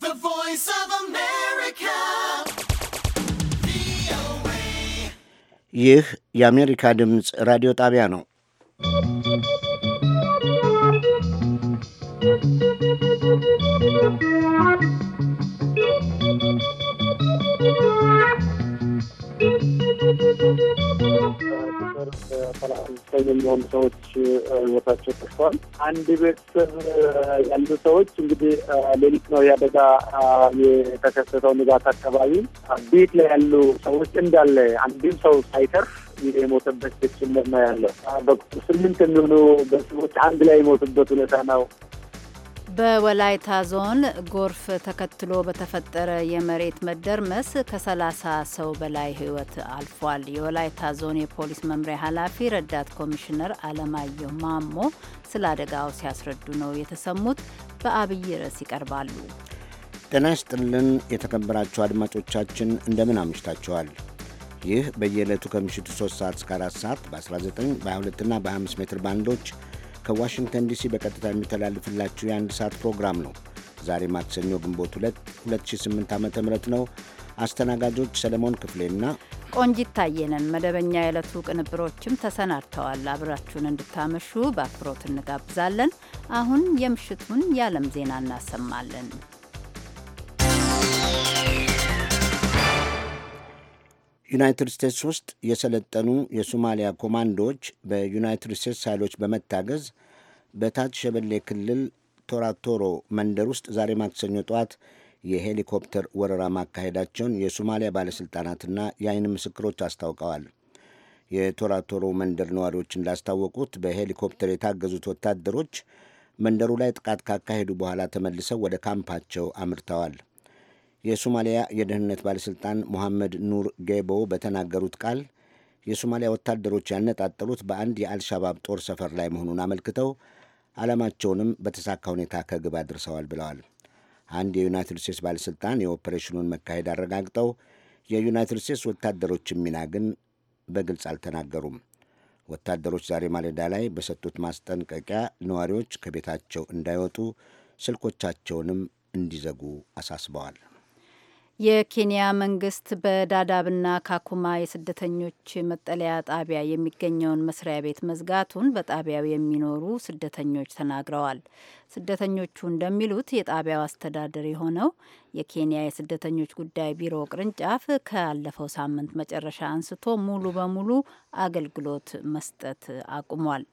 The voice of America. VOA. Yeh, America Radio Taviano. ተከስቷል። አንድ ቤተሰብ uh, ያሉ ሰዎች እንግዲህ uh, ሌሊት ነው የአደጋ uh, የተከሰተው። ንጋት አካባቢ ቤት ላይ ያሉ ሰዎች እንዳለ አንድም ሰው ሳይተርፍ የሞተበት ጭምር ነው ያለው። ስምንት የሚሆኑ ቤተሰቦች አንድ ላይ የሞቱበት ሁኔታ ነው በወላይታ ዞን ጎርፍ ተከትሎ በተፈጠረ የመሬት መደርመስ ከ30 ሰው በላይ ሕይወት አልፏል። የወላይታ ዞን የፖሊስ መምሪያ ኃላፊ ረዳት ኮሚሽነር አለማየሁ ማሞ ስለ አደጋው ሲያስረዱ ነው የተሰሙት። በአብይ ርዕስ ይቀርባሉ። ጤና ይስጥልን የተከበራችሁ አድማጮቻችን እንደምን አምሽታችኋል። ይህ በየዕለቱ ከምሽቱ 3 ሰዓት እስከ 4 ሰዓት በ19 በ22ና በ25 ሜትር ባንዶች ከዋሽንግተን ዲሲ በቀጥታ የሚተላልፍላችሁ የአንድ ሰዓት ፕሮግራም ነው። ዛሬ ማክሰኞ ግንቦት 2 2008 ዓ ም ነው። አስተናጋጆች ሰለሞን ክፍሌና ቆንጂት ታየነን። መደበኛ የዕለቱ ቅንብሮችም ተሰናድተዋል። አብራችሁን እንድታመሹ በአክብሮት እንጋብዛለን። አሁን የምሽቱን የዓለም ዜና እናሰማለን። ዩናይትድ ስቴትስ ውስጥ የሰለጠኑ የሶማሊያ ኮማንዶዎች በዩናይትድ ስቴትስ ኃይሎች በመታገዝ በታች ሸበሌ ክልል ቶራቶሮ መንደር ውስጥ ዛሬ ማክሰኞ ጠዋት የሄሊኮፕተር ወረራ ማካሄዳቸውን የሶማሊያ ባለሥልጣናትና የአይን ምስክሮች አስታውቀዋል። የቶራቶሮ መንደር ነዋሪዎች እንዳስታወቁት በሄሊኮፕተር የታገዙት ወታደሮች መንደሩ ላይ ጥቃት ካካሄዱ በኋላ ተመልሰው ወደ ካምፓቸው አምርተዋል። የሶማሊያ የደህንነት ባለሥልጣን ሞሐመድ ኑር ጌቦ በተናገሩት ቃል የሶማሊያ ወታደሮች ያነጣጠሉት በአንድ የአልሻባብ ጦር ሰፈር ላይ መሆኑን አመልክተው ዓላማቸውንም በተሳካ ሁኔታ ከግብ አድርሰዋል ብለዋል። አንድ የዩናይትድ ስቴትስ ባለሥልጣን የኦፐሬሽኑን መካሄድ አረጋግጠው የዩናይትድ ስቴትስ ወታደሮች ሚና ግን በግልጽ አልተናገሩም። ወታደሮች ዛሬ ማለዳ ላይ በሰጡት ማስጠንቀቂያ ነዋሪዎች ከቤታቸው እንዳይወጡ ስልኮቻቸውንም እንዲዘጉ አሳስበዋል። የኬንያ መንግስት በዳዳብና ካኩማ የስደተኞች መጠለያ ጣቢያ የሚገኘውን መስሪያ ቤት መዝጋቱን በጣቢያው የሚኖሩ ስደተኞች ተናግረዋል። ስደተኞቹ እንደሚሉት የጣቢያው አስተዳደር የሆነው የኬንያ የስደተኞች ጉዳይ ቢሮ ቅርንጫፍ ካለፈው ሳምንት መጨረሻ አንስቶ ሙሉ በሙሉ አገልግሎት መስጠት አቁሟል።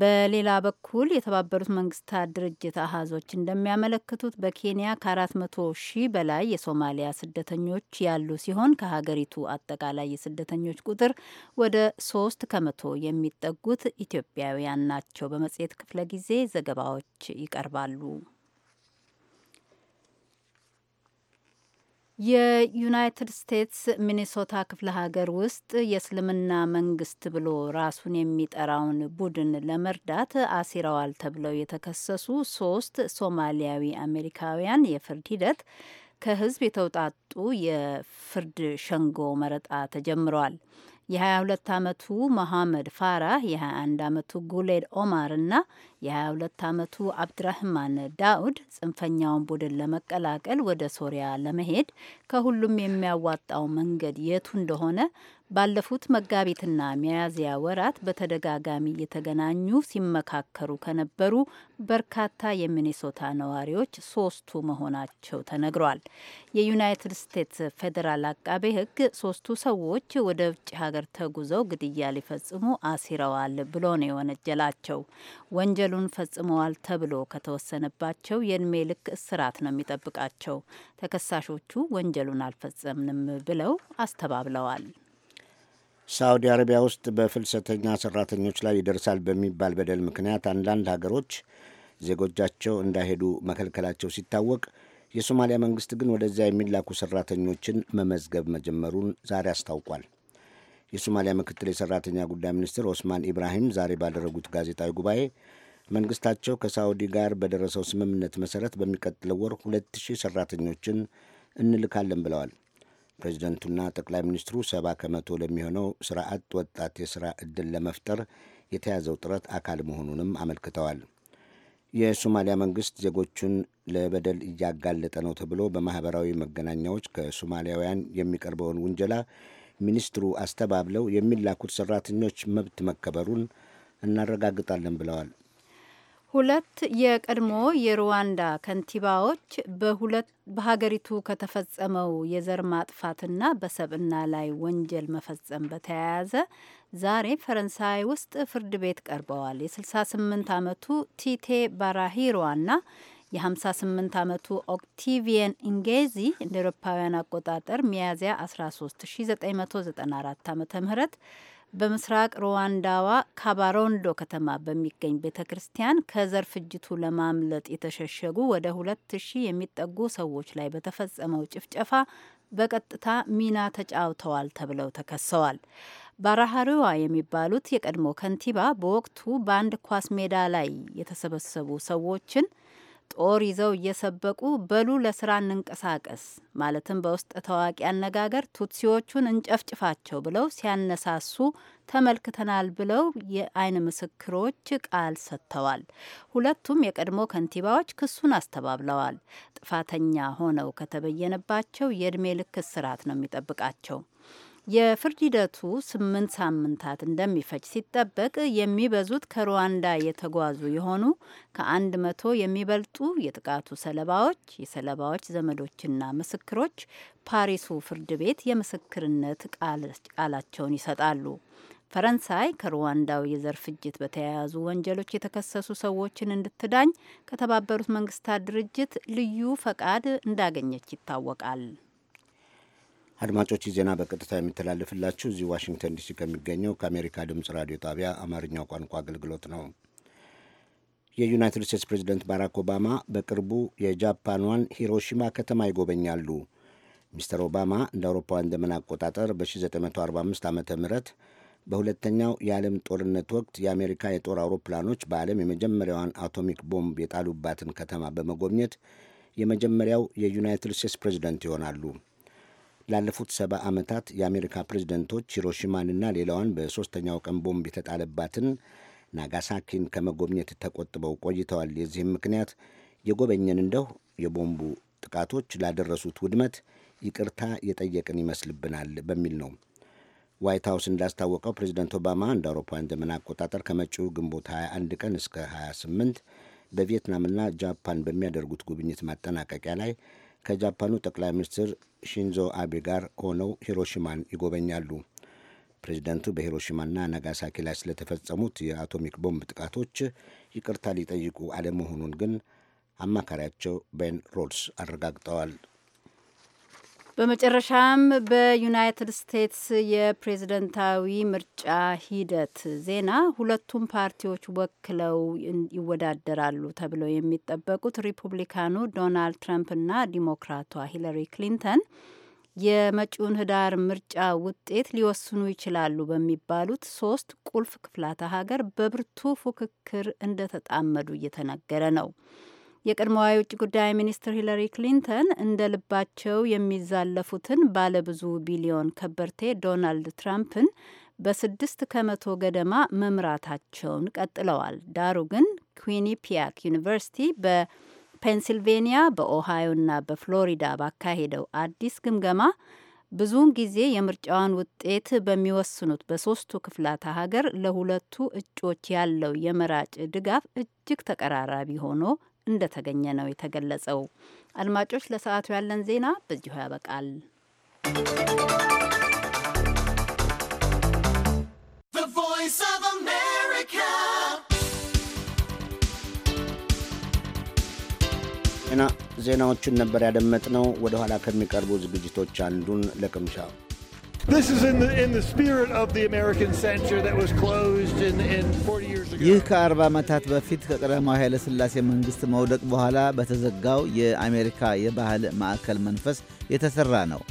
በሌላ በኩል የተባበሩት መንግስታት ድርጅት አሃዞች እንደሚያመለክቱት በኬንያ ከ መቶ ሺህ በላይ የሶማሊያ ስደተኞች ያሉ ሲሆን ከሀገሪቱ አጠቃላይ የስደተኞች ቁጥር ወደ ሶስት ከመቶ የሚጠጉት ኢትዮጵያውያን ናቸው። በመጽሔት ክፍለ ጊዜ ዘገባዎች ይቀርባሉ። የዩናይትድ ስቴትስ ሚኒሶታ ክፍለ ሀገር ውስጥ የእስልምና መንግስት ብሎ ራሱን የሚጠራውን ቡድን ለመርዳት አሲረዋል ተብለው የተከሰሱ ሶስት ሶማሊያዊ አሜሪካውያን የፍርድ ሂደት ከህዝብ የተውጣጡ የፍርድ ሸንጎ መረጣ ተጀምረዋል። የ22 ዓመቱ መሐመድ ፋራህ፣ የ21 ዓመቱ ጉሌድ ኦማር እና የ22 ዓመቱ አብድራህማን ዳውድ ጽንፈኛውን ቡድን ለመቀላቀል ወደ ሶሪያ ለመሄድ ከሁሉም የሚያዋጣው መንገድ የቱ እንደሆነ ባለፉት መጋቢትና ሚያዝያ ወራት በተደጋጋሚ እየተገናኙ ሲመካከሩ ከነበሩ በርካታ የሚኔሶታ ነዋሪዎች ሶስቱ መሆናቸው ተነግሯል። የዩናይትድ ስቴትስ ፌዴራል አቃቤ ሕግ ሶስቱ ሰዎች ወደ ውጭ ሀገር ተጉዘው ግድያ ሊፈጽሙ አሲረዋል ብሎ ነው የወነጀላቸው። ወንጀሉን ፈጽመዋል ተብሎ ከተወሰነባቸው የእድሜ ልክ እስራት ነው የሚጠብቃቸው። ተከሳሾቹ ወንጀሉን አልፈጸምንም ብለው አስተባብለዋል። ሳዑዲ አረቢያ ውስጥ በፍልሰተኛ ሰራተኞች ላይ ይደርሳል በሚባል በደል ምክንያት አንዳንድ ሀገሮች ዜጎቻቸው እንዳይሄዱ መከልከላቸው ሲታወቅ የሶማሊያ መንግስት ግን ወደዚያ የሚላኩ ሰራተኞችን መመዝገብ መጀመሩን ዛሬ አስታውቋል። የሶማሊያ ምክትል የሰራተኛ ጉዳይ ሚኒስትር ኦስማን ኢብራሂም ዛሬ ባደረጉት ጋዜጣዊ ጉባኤ መንግስታቸው ከሳዑዲ ጋር በደረሰው ስምምነት መሰረት በሚቀጥለው ወር ሁለት ሺህ ሰራተኞችን እንልካለን ብለዋል። ፕሬዚደንቱና ጠቅላይ ሚኒስትሩ ሰባ ከመቶ ለሚሆነው ስራ አጥ ወጣት የስራ ዕድል ለመፍጠር የተያዘው ጥረት አካል መሆኑንም አመልክተዋል። የሶማሊያ መንግስት ዜጎቹን ለበደል እያጋለጠ ነው ተብሎ በማህበራዊ መገናኛዎች ከሶማሊያውያን የሚቀርበውን ውንጀላ ሚኒስትሩ አስተባብለው የሚላኩት ሰራተኞች መብት መከበሩን እናረጋግጣለን ብለዋል። ሁለት የቀድሞ የሩዋንዳ ከንቲባዎች በሁለት በሀገሪቱ ከተፈጸመው የዘር ማጥፋትና በሰብና ላይ ወንጀል መፈጸም በተያያዘ ዛሬ ፈረንሳይ ውስጥ ፍርድ ቤት ቀርበዋል። የ68 ዓመቱ ቲቴ ባራሂሮና የ58 ዓመቱ ኦክቲቪየን ኢንጌዚ እንደ ኤሮፓውያን አቆጣጠር ሚያዝያ 13 1994 ዓ ም በምስራቅ ሩዋንዳዋ ካባሮንዶ ከተማ በሚገኝ ቤተ ክርስቲያን ከዘር ፍጅቱ ለማምለጥ የተሸሸጉ ወደ ሁለት ሺህ የሚጠጉ ሰዎች ላይ በተፈጸመው ጭፍጨፋ በቀጥታ ሚና ተጫውተዋል ተብለው ተከሰዋል። ባራሃሪዋ የሚባሉት የቀድሞ ከንቲባ በወቅቱ በአንድ ኳስ ሜዳ ላይ የተሰበሰቡ ሰዎችን ጦር ይዘው እየሰበቁ በሉ ለስራ እንንቀሳቀስ ማለትም በውስጥ ታዋቂ አነጋገር ቱትሲዎቹን እንጨፍጭፋቸው ብለው ሲያነሳሱ ተመልክተናል ብለው የአይን ምስክሮች ቃል ሰጥተዋል። ሁለቱም የቀድሞ ከንቲባዎች ክሱን አስተባብለዋል። ጥፋተኛ ሆነው ከተበየነባቸው የእድሜ ልክ እስራት ነው የሚጠብቃቸው። የፍርድ ሂደቱ ስምንት ሳምንታት እንደሚፈጅ ሲጠበቅ የሚበዙት ከሩዋንዳ የተጓዙ የሆኑ ከአንድ መቶ የሚበልጡ የጥቃቱ ሰለባዎች የሰለባዎች ዘመዶችና ምስክሮች ፓሪሱ ፍርድ ቤት የምስክርነት ቃላቸውን ይሰጣሉ። ፈረንሳይ ከሩዋንዳው የዘር ፍጅት በተያያዙ ወንጀሎች የተከሰሱ ሰዎችን እንድትዳኝ ከተባበሩት መንግስታት ድርጅት ልዩ ፈቃድ እንዳገኘች ይታወቃል። አድማጮች ዜና በቀጥታ የሚተላለፍላችሁ እዚህ ዋሽንግተን ዲሲ ከሚገኘው ከአሜሪካ ድምፅ ራዲዮ ጣቢያ አማርኛው ቋንቋ አገልግሎት ነው። የዩናይትድ ስቴትስ ፕሬዚደንት ባራክ ኦባማ በቅርቡ የጃፓኗን ሂሮሺማ ከተማ ይጎበኛሉ። ሚስተር ኦባማ እንደ አውሮፓውያን ዘመን አቆጣጠር በ1945 ዓ ም በሁለተኛው የዓለም ጦርነት ወቅት የአሜሪካ የጦር አውሮፕላኖች በዓለም የመጀመሪያዋን አቶሚክ ቦምብ የጣሉባትን ከተማ በመጎብኘት የመጀመሪያው የዩናይትድ ስቴትስ ፕሬዚደንት ይሆናሉ። ላለፉት ሰባ ዓመታት የአሜሪካ ፕሬዝደንቶች ሂሮሺማንና ሌላዋን በሦስተኛው ቀን ቦምብ የተጣለባትን ናጋሳኪን ከመጎብኘት ተቆጥበው ቆይተዋል። የዚህም ምክንያት የጎበኘን እንደው የቦምቡ ጥቃቶች ላደረሱት ውድመት ይቅርታ የጠየቅን ይመስልብናል በሚል ነው። ዋይት ሀውስ እንዳስታወቀው ፕሬዚደንት ኦባማ እንደ አውሮፓውያን ዘመን አቆጣጠር ከመጪው ግንቦት 21 ቀን እስከ 28 በቪየትናምና ጃፓን በሚያደርጉት ጉብኝት ማጠናቀቂያ ላይ ከጃፓኑ ጠቅላይ ሚኒስትር ሺንዞ አቤ ጋር ሆነው ሂሮሺማን ይጎበኛሉ። ፕሬዚደንቱ በሂሮሺማና ናጋሳኪ ላይ ስለተፈጸሙት የአቶሚክ ቦምብ ጥቃቶች ይቅርታ ሊጠይቁ አለመሆኑን ግን አማካሪያቸው ቤን ሮልስ አረጋግጠዋል። በመጨረሻም በዩናይትድ ስቴትስ የፕሬዝደንታዊ ምርጫ ሂደት ዜና ሁለቱም ፓርቲዎች ወክለው ይወዳደራሉ ተብለው የሚጠበቁት ሪፑብሊካኑ ዶናልድ ትራምፕና ዲሞክራቷ ሂለሪ ክሊንተን የመጪውን ህዳር ምርጫ ውጤት ሊወስኑ ይችላሉ በሚባሉት ሶስት ቁልፍ ክፍላተ ሀገር በብርቱ ፉክክር እንደተጣመዱ እየተነገረ ነው። የቀድሞዋ የውጭ ጉዳይ ሚኒስትር ሂለሪ ክሊንተን እንደ ልባቸው የሚዛለፉትን ባለብዙ ቢሊዮን ከበርቴ ዶናልድ ትራምፕን በስድስት ከመቶ ገደማ መምራታቸውን ቀጥለዋል። ዳሩ ግን ኩዊኒፒያክ ዩኒቨርሲቲ በፔንሲልቬኒያ በኦሃዮና በፍሎሪዳ ባካሄደው አዲስ ግምገማ ብዙውን ጊዜ የምርጫዋን ውጤት በሚወስኑት በሶስቱ ክፍላተ ሀገር ለሁለቱ እጮች ያለው የመራጭ ድጋፍ እጅግ ተቀራራቢ ሆኖ እንደተገኘ ነው የተገለጸው። አድማጮች፣ ለሰዓቱ ያለን ዜና በዚሁ ያበቃል። ዜናዎቹን ነበር ያደመጥነው። ወደ ኋላ ከሚቀርቡ ዝግጅቶች አንዱን ለቅምሻ ይህ ከ40 ዓመታት በፊት ከቀዳማዊ ኃይለ ሥላሴ መንግሥት መውደቅ በኋላ በተዘጋው የአሜሪካ የባህል ማዕከል መንፈስ የተሠራ ነው።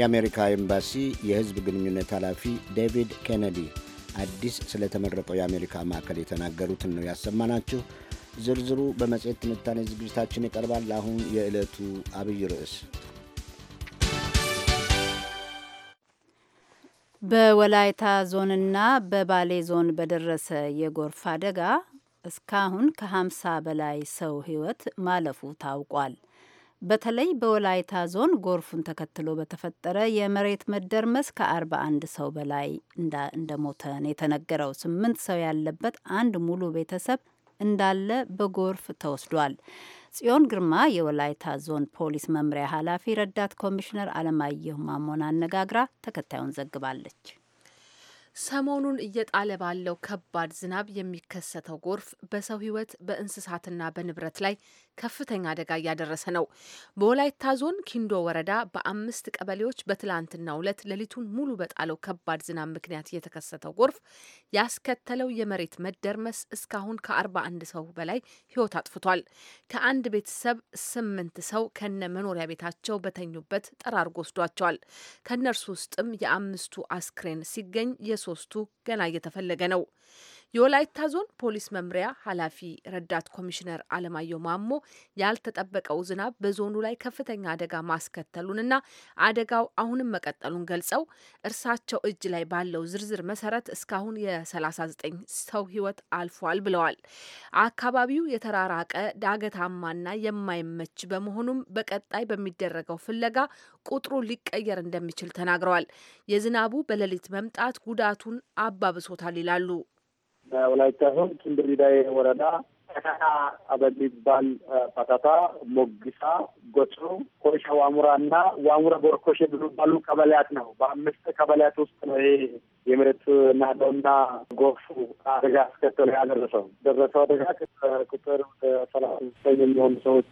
የአሜሪካ ኤምባሲ የሕዝብ ግንኙነት ኃላፊ ዴቪድ ኬነዲ አዲስ ስለተመረቀው የአሜሪካ ማዕከል የተናገሩትን ነው ያሰማናችሁ። ዝርዝሩ በመጽሔት ትንታኔ ዝግጅታችን ይቀርባል። አሁን የዕለቱ አብይ ርዕስ በወላይታ ዞንና በባሌ ዞን በደረሰ የጎርፍ አደጋ እስካሁን ከ በላይ ሰው ህይወት ማለፉ ታውቋል። በተለይ በወላይታ ዞን ጎርፉን ተከትሎ በተፈጠረ የመሬት መደርመስ ከ41 ሰው በላይ እንደሞተ ነው የተነገረው። ስምንት ሰው ያለበት አንድ ሙሉ ቤተሰብ እንዳለ በጎርፍ ተወስዷል። ጽዮን ግርማ የወላይታ ዞን ፖሊስ መምሪያ ኃላፊ ረዳት ኮሚሽነር አለማየሁ ማሞን አነጋግራ ተከታዩን ዘግባለች። ሰሞኑን እየጣለ ባለው ከባድ ዝናብ የሚከሰተው ጎርፍ በሰው ሕይወት በእንስሳትና በንብረት ላይ ከፍተኛ አደጋ እያደረሰ ነው። በወላይታ ዞን ኪንዶ ወረዳ በአምስት ቀበሌዎች በትላንትናው ሁለት ሌሊቱን ሙሉ በጣለው ከባድ ዝናብ ምክንያት የተከሰተው ጎርፍ ያስከተለው የመሬት መደርመስ እስካሁን ከ41 ሰው በላይ ሕይወት አጥፍቷል። ከአንድ ቤተሰብ ስምንት ሰው ከነ መኖሪያ ቤታቸው በተኙበት ጠራርጎ ወስዷቸዋል። ከእነርሱ ውስጥም የአምስቱ አስክሬን ሲገኝ ሶስቱ ገና እየተፈለገ ነው። የወላይታ ዞን ፖሊስ መምሪያ ኃላፊ ረዳት ኮሚሽነር አለማየሁ ማሞ ያልተጠበቀው ዝናብ በዞኑ ላይ ከፍተኛ አደጋ ማስከተሉንና አደጋው አሁንም መቀጠሉን ገልጸው እርሳቸው እጅ ላይ ባለው ዝርዝር መሰረት እስካሁን የ39 ሰው ሕይወት አልፏል ብለዋል። አካባቢው የተራራቀ ዳገታማና የማይመች በመሆኑም በቀጣይ በሚደረገው ፍለጋ ቁጥሩ ሊቀየር እንደሚችል ተናግረዋል። የዝናቡ በሌሊት መምጣት ጉዳቱን አባብሶታል ይላሉ። ወላይታ ዞን ጭምብሪዳዬ ወረዳ ተከታ በሚባል ፈተታ ሞግሳ፣ ጎጮ፣ ኮይሻ ዋሙራ እና ዋሙራ ቦርኮሽ የሚባሉ ቀበሌያት ነው። በአምስት ቀበሌያት ውስጥ ነው ይሄ የመሬት ናደውና ጎርፉ አደጋ አስከተለ ያደረሰው ደረሰው አደጋ ቁጥር ሰላሳ ዘጠኝ የሚሆኑ ሰዎች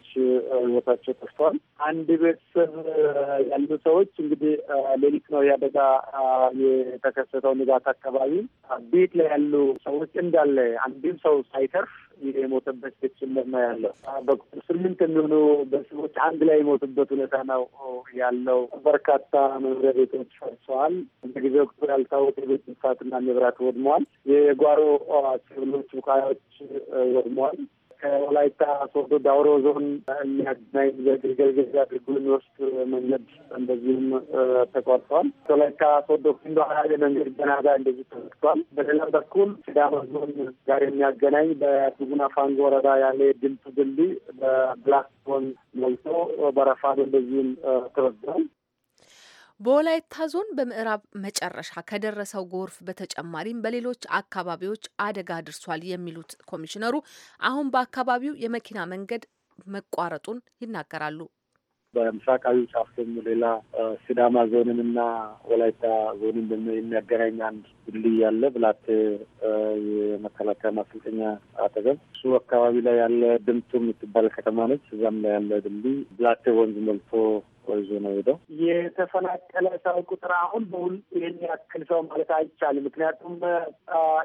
ህይወታቸው ጠፍተዋል። አንድ ቤተሰብ ያሉ ሰዎች እንግዲህ ሌሊት ነው የአደጋ የተከሰተው ንጋት አካባቢ ቤት ላይ ያሉ ሰዎች እንዳለ አንድም ሰው ሳይተርፍ የሞተበት ሴክሽን ነው ያለው። በቁጥር ስምንት የሚሆኑ ቤተሰቦች አንድ ላይ የሞቱበት ሁኔታ ነው ያለው። በርካታ መኖሪያ ቤቶች ፈርሰዋል። በጊዜው ቁጥር ያልታወቀ የቤት እንስሳትና ንብረት ወድመዋል። የጓሮ ሰብሎች፣ ቡቃያዎች ወድመዋል። ከወላይታ ሶዶ ዳውሮ ዞን የሚያገናኝ የግልገል ጊዜ አድርጎ የሚወስድ መንገድ እንደዚህም ተቋርጠዋል። ወላይታ ሶዶ ኪንዶ መንገድ ገናዳ እንደዚህ ተዘግቷል። በሌላ በኩል ሲዳማ ዞን ጋር የሚያገናኝ በቱጉና ፋንጎ ወረዳ ያለ ድምቱ ድልድይ በብላክ ሆን ሞልቶ በረፋዶ እንደዚህም ተወስዷል። በወላይታ ዞን በምዕራብ መጨረሻ ከደረሰው ጎርፍ በተጨማሪም በሌሎች አካባቢዎች አደጋ ድርሷል የሚሉት ኮሚሽነሩ አሁን በአካባቢው የመኪና መንገድ መቋረጡን ይናገራሉ። በምስራቃዊ ጫፍ ደግሞ ሌላ ሲዳማ ዞንን እና ወላይታ ዞንን የሚያገናኝ አንድ ድልድይ ያለ ብላት የመከላከያ ማሰልጠኛ አጠገብ እሱ አካባቢ ላይ ያለ ድምቱ የምትባል ከተማ ነች። እዛም ላይ ያለ ድልድይ ብላቴ ወንዝ ሞልቶ ይዞ ነው ሄደው የተፈናቀለ ሰው ቁጥር አሁን በሁል ይህን ያክል ሰው ማለት አይቻልም። ምክንያቱም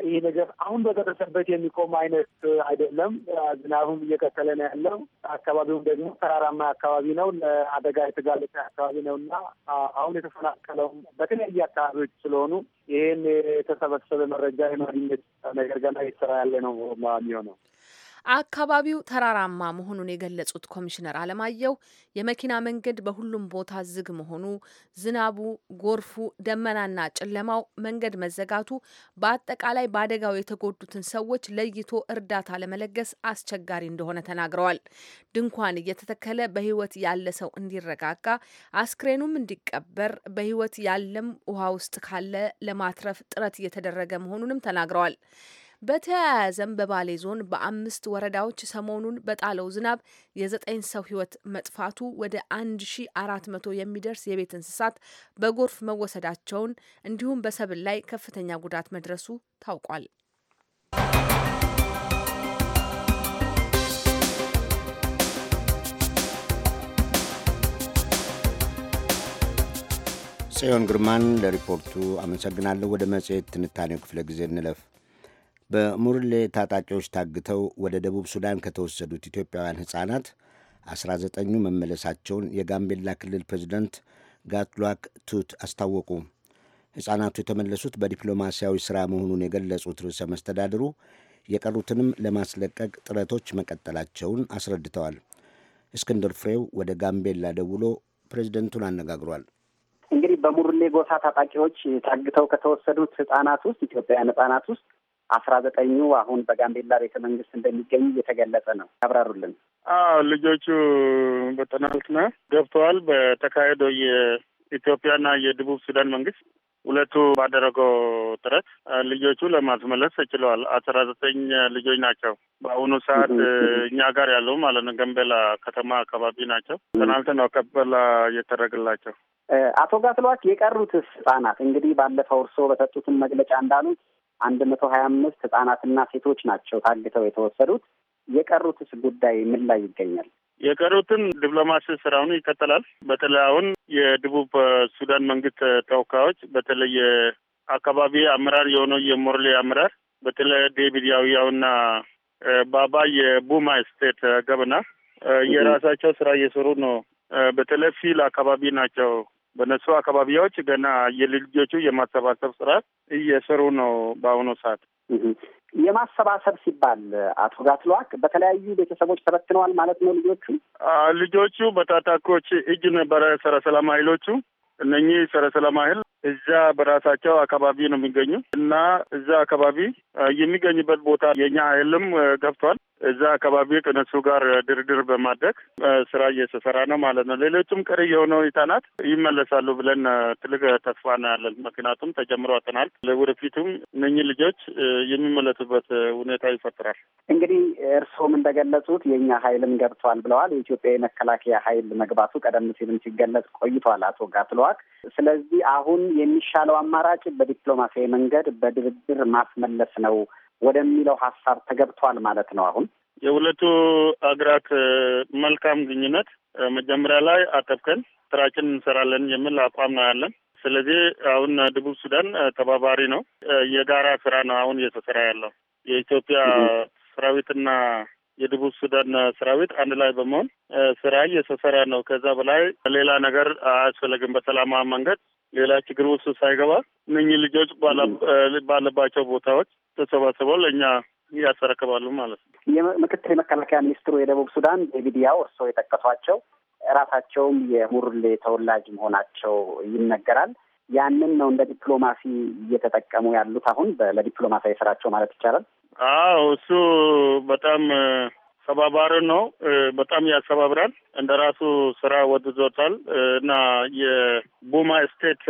ይህ ነገር አሁን በደረሰበት የሚቆም አይነት አይደለም። ዝናቡም እየቀጠለ ነው ያለው። አካባቢውም ደግሞ ተራራማ አካባቢ ነው፣ ለአደጋ የተጋለጠ አካባቢ ነው እና አሁን የተፈናቀለውም በተለያየ አካባቢዎች ስለሆኑ ይህን የተሰበሰበ መረጃ የማግኘት ነገር ገና የተሰራ ያለ ነው የሚሆነው አካባቢው ተራራማ መሆኑን የገለጹት ኮሚሽነር አለማየሁ የመኪና መንገድ በሁሉም ቦታ ዝግ መሆኑ፣ ዝናቡ፣ ጎርፉ፣ ደመናና ጨለማው መንገድ መዘጋቱ በአጠቃላይ በአደጋው የተጎዱትን ሰዎች ለይቶ እርዳታ ለመለገስ አስቸጋሪ እንደሆነ ተናግረዋል። ድንኳን እየተተከለ በህይወት ያለ ሰው እንዲረጋጋ አስክሬኑም እንዲቀበር በህይወት ያለም ውሃ ውስጥ ካለ ለማትረፍ ጥረት እየተደረገ መሆኑንም ተናግረዋል። በተያያዘም በባሌ ዞን በአምስት ወረዳዎች ሰሞኑን በጣለው ዝናብ የዘጠኝ ሰው ህይወት መጥፋቱ ወደ አንድ ሺ አራት መቶ የሚደርስ የቤት እንስሳት በጎርፍ መወሰዳቸውን እንዲሁም በሰብል ላይ ከፍተኛ ጉዳት መድረሱ ታውቋል። ጽዮን ግርማን ለሪፖርቱ አመሰግናለሁ። ወደ መጽሔት ትንታኔው ክፍለ ጊዜ እንለፍ። በሙርሌ ታጣቂዎች ታግተው ወደ ደቡብ ሱዳን ከተወሰዱት ኢትዮጵያውያን ሕፃናት 19ኙ መመለሳቸውን የጋምቤላ ክልል ፕሬዚደንት ጋትሏክ ቱት አስታወቁ። ሕፃናቱ የተመለሱት በዲፕሎማሲያዊ ሥራ መሆኑን የገለጹት ርዕሰ መስተዳድሩ የቀሩትንም ለማስለቀቅ ጥረቶች መቀጠላቸውን አስረድተዋል። እስክንድር ፍሬው ወደ ጋምቤላ ደውሎ ፕሬዚደንቱን አነጋግሯል። እንግዲህ በሙርሌ ጎሳ ታጣቂዎች ታግተው ከተወሰዱት ህጻናት ውስጥ ኢትዮጵያውያን ህጻናት ውስጥ አስራ ዘጠኙ አሁን በጋምቤላ ቤተ መንግስት እንደሚገኙ እየተገለጸ ነው። ያብራሩልን። አዎ ልጆቹ በትናንትና ገብተዋል። በተካሄደው የኢትዮጵያና የደቡብ ሱዳን መንግስት ሁለቱ ባደረገው ጥረት ልጆቹ ለማስመለስ ተችለዋል። አስራ ዘጠኝ ልጆች ናቸው በአሁኑ ሰዓት እኛ ጋር ያሉ ማለት ነው። ገንቤላ ከተማ አካባቢ ናቸው። ትናንትና ነው ቀበላ እየተደረገላቸው። አቶ ጋትሏክ የቀሩት ህጻናት እንግዲህ ባለፈው እርስዎ በሰጡትን መግለጫ እንዳሉት አንድ መቶ ሀያ አምስት ህጻናትና ሴቶች ናቸው ታግተው የተወሰዱት። የቀሩትስ ጉዳይ ምን ላይ ይገኛል? የቀሩትን ዲፕሎማሲ ስራውን ይቀጥላል። በተለይ አሁን የደቡብ ሱዳን መንግስት ተወካዮች በተለይ አካባቢ አመራር የሆነው የሞርሌ አመራር በተለይ ዴቪድ ያውያውና ባባ የቡማ ስቴት ገበና የራሳቸው ስራ እየሰሩ ነው። በተለይ ፊል አካባቢ ናቸው በነሱ አካባቢዎች ገና የልጆቹ የማሰባሰብ ስርዓት እየሰሩ ነው በአሁኑ ሰዓት። የማሰባሰብ ሲባል አቶ ጋትለዋክ በተለያዩ ቤተሰቦች ተበትነዋል ማለት ነው። ልጆቹ ልጆቹ በታጣቂዎች እጅ ነበረ ጸረ ሰላም ኃይሎቹ እነኚህ ጸረ ሰላም ኃይል እዛ በራሳቸው አካባቢ ነው የሚገኙ እና እዛ አካባቢ የሚገኝበት ቦታ የኛ ኃይልም ገብቷል። እዛ አካባቢ ከነሱ ጋር ድርድር በማድረግ ስራ እየተሰራ ነው ማለት ነው። ሌሎቹም ቀሪ የሆነው ህጻናት ይመለሳሉ ብለን ትልቅ ተስፋ ነው ያለን። ምክንያቱም ተጀምሮ አጥናል ለወደፊቱም እነኚህ ልጆች የሚመለሱበት ሁኔታ ይፈጥራል። እንግዲህ እርስዎም እንደገለጹት የእኛ ኃይልም ገብቷል ብለዋል። የኢትዮጵያ የመከላከያ ኃይል መግባቱ ቀደም ሲልም ሲገለጽ ቆይቷል አቶ ጋትለዋክ። ስለዚህ አሁን የሚሻለው አማራጭ በዲፕሎማሲያዊ መንገድ በድርድር ማስመለስ ነው ወደሚለው ሀሳብ ተገብቷል ማለት ነው። አሁን የሁለቱ አግራት መልካም ግንኙነት መጀመሪያ ላይ አጠብቀን ስራችን እንሰራለን የሚል አቋም ነው ያለን። ስለዚህ አሁን ደቡብ ሱዳን ተባባሪ ነው። የጋራ ስራ ነው አሁን እየተሰራ ያለው የኢትዮጵያ ሰራዊትና የደቡብ ሱዳን ሰራዊት አንድ ላይ በመሆን ስራ እየተሰራ ነው። ከዛ በላይ ሌላ ነገር አያስፈልግም። በሰላማዊ መንገድ ሌላ ችግር ውስጥ ሳይገባ እነኚህ ልጆች ባለባቸው ቦታዎች ተሰባስበው ለእኛ ያስረክባሉ ማለት ነው። የምክትል የመከላከያ ሚኒስትሩ የደቡብ ሱዳን ዴቪድ ያው እርስዎ የጠቀሷቸው ራሳቸውም የሙርሌ ተወላጅ መሆናቸው ይነገራል። ያንን ነው እንደ ዲፕሎማሲ እየተጠቀሙ ያሉት አሁን ለዲፕሎማሲያዊ ስራቸው ማለት ይቻላል። አዎ እሱ በጣም ተባባሪ ነው። በጣም ያሰባብራል። እንደ ራሱ ስራ ወድዞታል እና የቡማ ስቴት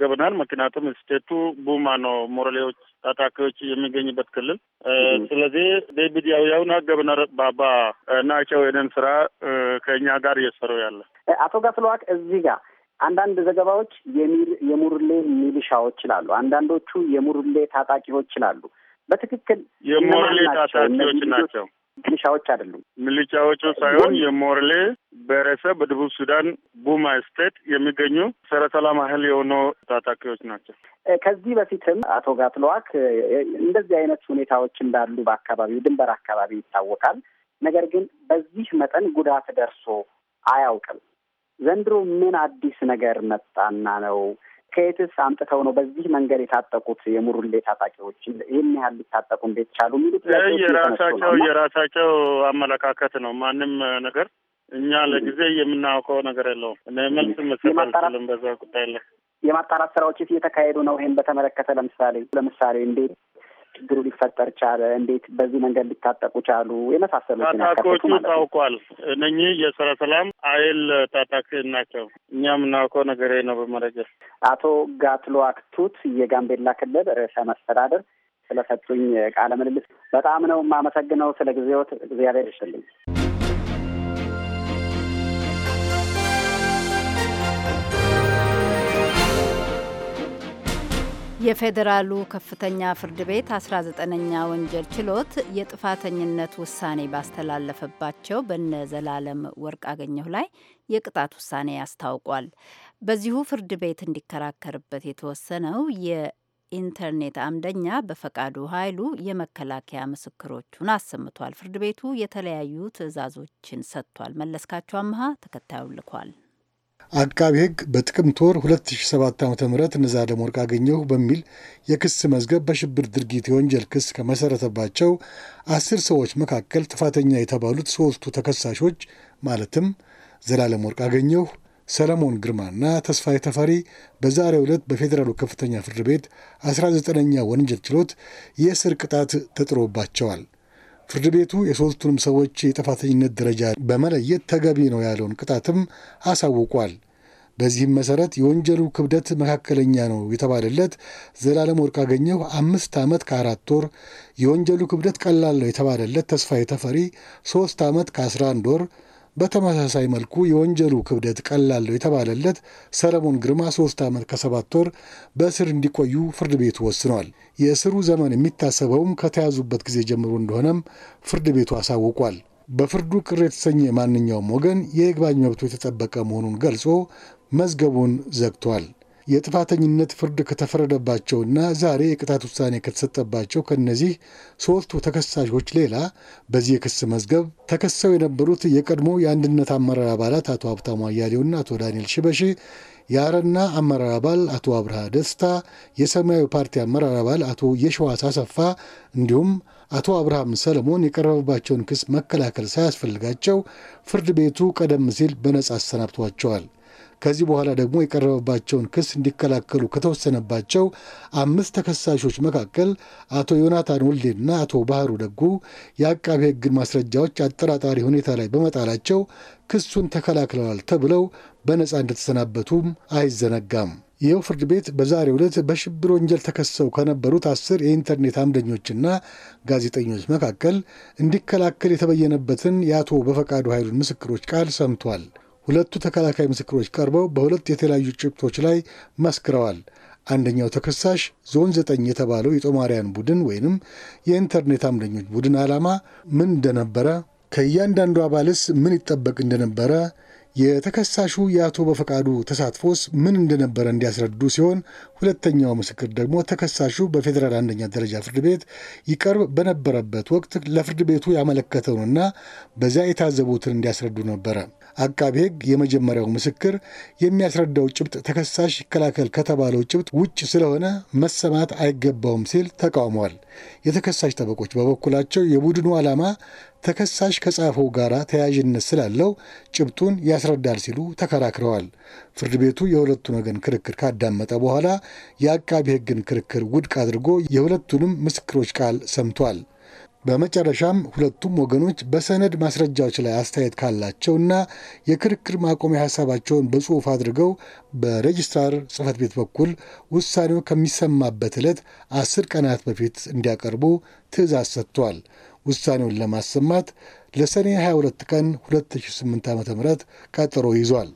ገብናል። ምክንያቱም ስቴቱ ቡማ ነው፣ ሞረሌዎች ታጣቂዎች የሚገኝበት ክልል። ስለዚህ ዴቪድ ያውያውና ገብነር ባባ ናቸው ይህንን ስራ ከእኛ ጋር እየሰሩ ያለ አቶ ጋስለዋቅ እዚህ ጋር አንዳንድ ዘገባዎች የሙርሌ ሚሊሻዎች ይላሉ፣ አንዳንዶቹ የሙርሌ ታጣቂዎች ይላሉ። በትክክል የሙርሌ ታጣቂዎች ናቸው። ሚሊሻዎች አይደሉም። ሚሊሻዎቹ ሳይሆን የሞርሌ ብሔረሰብ በደቡብ ሱዳን ቡማ ስቴት የሚገኙ ጸረ ሰላም ኃይል የሆኑ ታጣቂዎች ናቸው። ከዚህ በፊትም አቶ ጋትለዋክ እንደዚህ አይነት ሁኔታዎች እንዳሉ በአካባቢው ድንበር አካባቢ ይታወቃል። ነገር ግን በዚህ መጠን ጉዳት ደርሶ አያውቅም። ዘንድሮ ምን አዲስ ነገር መጣና ነው ከየትስ አምጥተው ነው በዚህ መንገድ የታጠቁት የሙሩሌ ታጣቂዎች ይህን ያህል ሊታጠቁ እንዴት ቻሉ? የራሳቸው የራሳቸው አመለካከት ነው። ማንም ነገር እኛ ለጊዜ የምናውቀው ነገር የለውም። መልስ መስጠት አልችልም በዛ ጉዳይ ላይ የማጣራት ስራዎች እየተካሄዱ ነው። ይህን በተመለከተ ለምሳሌ ለምሳሌ እንዴት ችግሩ ሊፈጠር ቻለ? እንዴት በዚህ መንገድ ሊታጠቁ ቻሉ? የመሳሰሉት ታጣቂዎቹ ታውቋል። እነኚህ የስረ ሰላም አይል ታጣቂ ናቸው። እኛ የምናውቀው ነገር ነው። በመረጃ አቶ ጋትሎ አክቱት የጋምቤላ ክልል ርዕሰ መስተዳደር ስለሰጡኝ ቃለ ምልልስ በጣም ነው የማመሰግነው። ስለ ጊዜዎት እግዚአብሔር ይስጥልኝ። የፌዴራሉ ከፍተኛ ፍርድ ቤት 19ኛ ወንጀል ችሎት የጥፋተኝነት ውሳኔ ባስተላለፈባቸው በነ ዘላለም ወርቅ አገኘሁ ላይ የቅጣት ውሳኔ አስታውቋል። በዚሁ ፍርድ ቤት እንዲከራከርበት የተወሰነው የኢንተርኔት አምደኛ በፈቃዱ ኃይሉ የመከላከያ ምስክሮቹን አሰምቷል። ፍርድ ቤቱ የተለያዩ ትዕዛዞችን ሰጥቷል። መለስካቸው አምሃ ተከታዩን ልኳል። አቃቢ ሕግ በጥቅምት ወር 2007 ዓ ም እነዛ ደመወርቅ አገኘሁ በሚል የክስ መዝገብ በሽብር ድርጊት የወንጀል ክስ ከመሰረተባቸው አስር ሰዎች መካከል ጥፋተኛ የተባሉት ሶስቱ ተከሳሾች ማለትም ዘላለም ወርቅ አገኘሁ፣ ሰለሞን ግርማና ተስፋዬ ተፈሪ በዛሬው ዕለት በፌዴራሉ ከፍተኛ ፍርድ ቤት 19ኛ ወንጀል ችሎት የእስር ቅጣት ተጥሮባቸዋል። ፍርድ ቤቱ የሶስቱንም ሰዎች የጥፋተኝነት ደረጃ በመለየት ተገቢ ነው ያለውን ቅጣትም አሳውቋል። በዚህም መሰረት የወንጀሉ ክብደት መካከለኛ ነው የተባለለት ዘላለም ወርቅአገኘሁ አምስት ዓመት ከአራት ወር፣ የወንጀሉ ክብደት ቀላል ነው የተባለለት ተስፋዬ ተፈሪ ሶስት ዓመት ከአስራ አንድ ወር በተመሳሳይ መልኩ የወንጀሉ ክብደት ቀላል ነው የተባለለት ሰለሞን ግርማ ሶስት ዓመት ከሰባት ወር በእስር እንዲቆዩ ፍርድ ቤቱ ወስኗል። የእስሩ ዘመን የሚታሰበውም ከተያዙበት ጊዜ ጀምሮ እንደሆነም ፍርድ ቤቱ አሳውቋል። በፍርዱ ቅር የተሰኘ ማንኛውም ወገን የይግባኝ መብቱ የተጠበቀ መሆኑን ገልጾ መዝገቡን ዘግቷል። የጥፋተኝነት ፍርድ ከተፈረደባቸውና ዛሬ የቅጣት ውሳኔ ከተሰጠባቸው ከእነዚህ ሶስቱ ተከሳሾች ሌላ በዚህ የክስ መዝገብ ተከሰው የነበሩት የቀድሞ የአንድነት አመራር አባላት አቶ ሀብታሙ አያሌውና አቶ ዳንኤል ሽበሺ፣ የአረና አመራር አባል አቶ አብርሃ ደስታ፣ የሰማያዊ ፓርቲ አመራር አባል አቶ የሸዋስ አሰፋ እንዲሁም አቶ አብርሃም ሰለሞን የቀረበባቸውን ክስ መከላከል ሳያስፈልጋቸው ፍርድ ቤቱ ቀደም ሲል በነጻ አሰናብቷቸዋል። ከዚህ በኋላ ደግሞ የቀረበባቸውን ክስ እንዲከላከሉ ከተወሰነባቸው አምስት ተከሳሾች መካከል አቶ ዮናታን ወልዴና አቶ ባህሩ ደጉ የአቃቤ ሕግን ማስረጃዎች አጠራጣሪ ሁኔታ ላይ በመጣላቸው ክሱን ተከላክለዋል ተብለው በነፃ እንደተሰናበቱም አይዘነጋም። ይኸው ፍርድ ቤት በዛሬ ዕለት በሽብር ወንጀል ተከሰው ከነበሩት አስር የኢንተርኔት አምደኞችና ጋዜጠኞች መካከል እንዲከላከል የተበየነበትን የአቶ በፈቃዱ ኃይሉን ምስክሮች ቃል ሰምቷል። ሁለቱ ተከላካይ ምስክሮች ቀርበው በሁለት የተለያዩ ጭብጦች ላይ መስክረዋል። አንደኛው ተከሳሽ ዞን ዘጠኝ የተባለው የጦማሪያን ቡድን ወይንም የኢንተርኔት አምደኞች ቡድን ዓላማ ምን እንደነበረ፣ ከእያንዳንዱ አባልስ ምን ይጠበቅ እንደነበረ፣ የተከሳሹ የአቶ በፈቃዱ ተሳትፎስ ምን እንደነበረ እንዲያስረዱ ሲሆን ሁለተኛው ምስክር ደግሞ ተከሳሹ በፌዴራል አንደኛ ደረጃ ፍርድ ቤት ይቀርብ በነበረበት ወቅት ለፍርድ ቤቱ ያመለከተውንና በዚያ የታዘቡትን እንዲያስረዱ ነበረ። አቃቢ ሕግ የመጀመሪያው ምስክር የሚያስረዳው ጭብጥ ተከሳሽ ይከላከል ከተባለው ጭብጥ ውጭ ስለሆነ መሰማት አይገባውም ሲል ተቃውሟል። የተከሳሽ ጠበቆች በበኩላቸው የቡድኑ ዓላማ ተከሳሽ ከጻፈው ጋር ተያያዥነት ስላለው ጭብጡን ያስረዳል ሲሉ ተከራክረዋል። ፍርድ ቤቱ የሁለቱን ወገን ክርክር ካዳመጠ በኋላ የአቃቢ ሕግን ክርክር ውድቅ አድርጎ የሁለቱንም ምስክሮች ቃል ሰምቷል። በመጨረሻም ሁለቱም ወገኖች በሰነድ ማስረጃዎች ላይ አስተያየት ካላቸው እና የክርክር ማቆሚያ ሀሳባቸውን በጽሑፍ አድርገው በሬጅስትራር ጽህፈት ቤት በኩል ውሳኔው ከሚሰማበት ዕለት አስር ቀናት በፊት እንዲያቀርቡ ትእዛዝ ሰጥቷል። ውሳኔውን ለማሰማት ለሰኔ 22 ቀን 2008 ዓ ም ቀጠሮ ይዟል።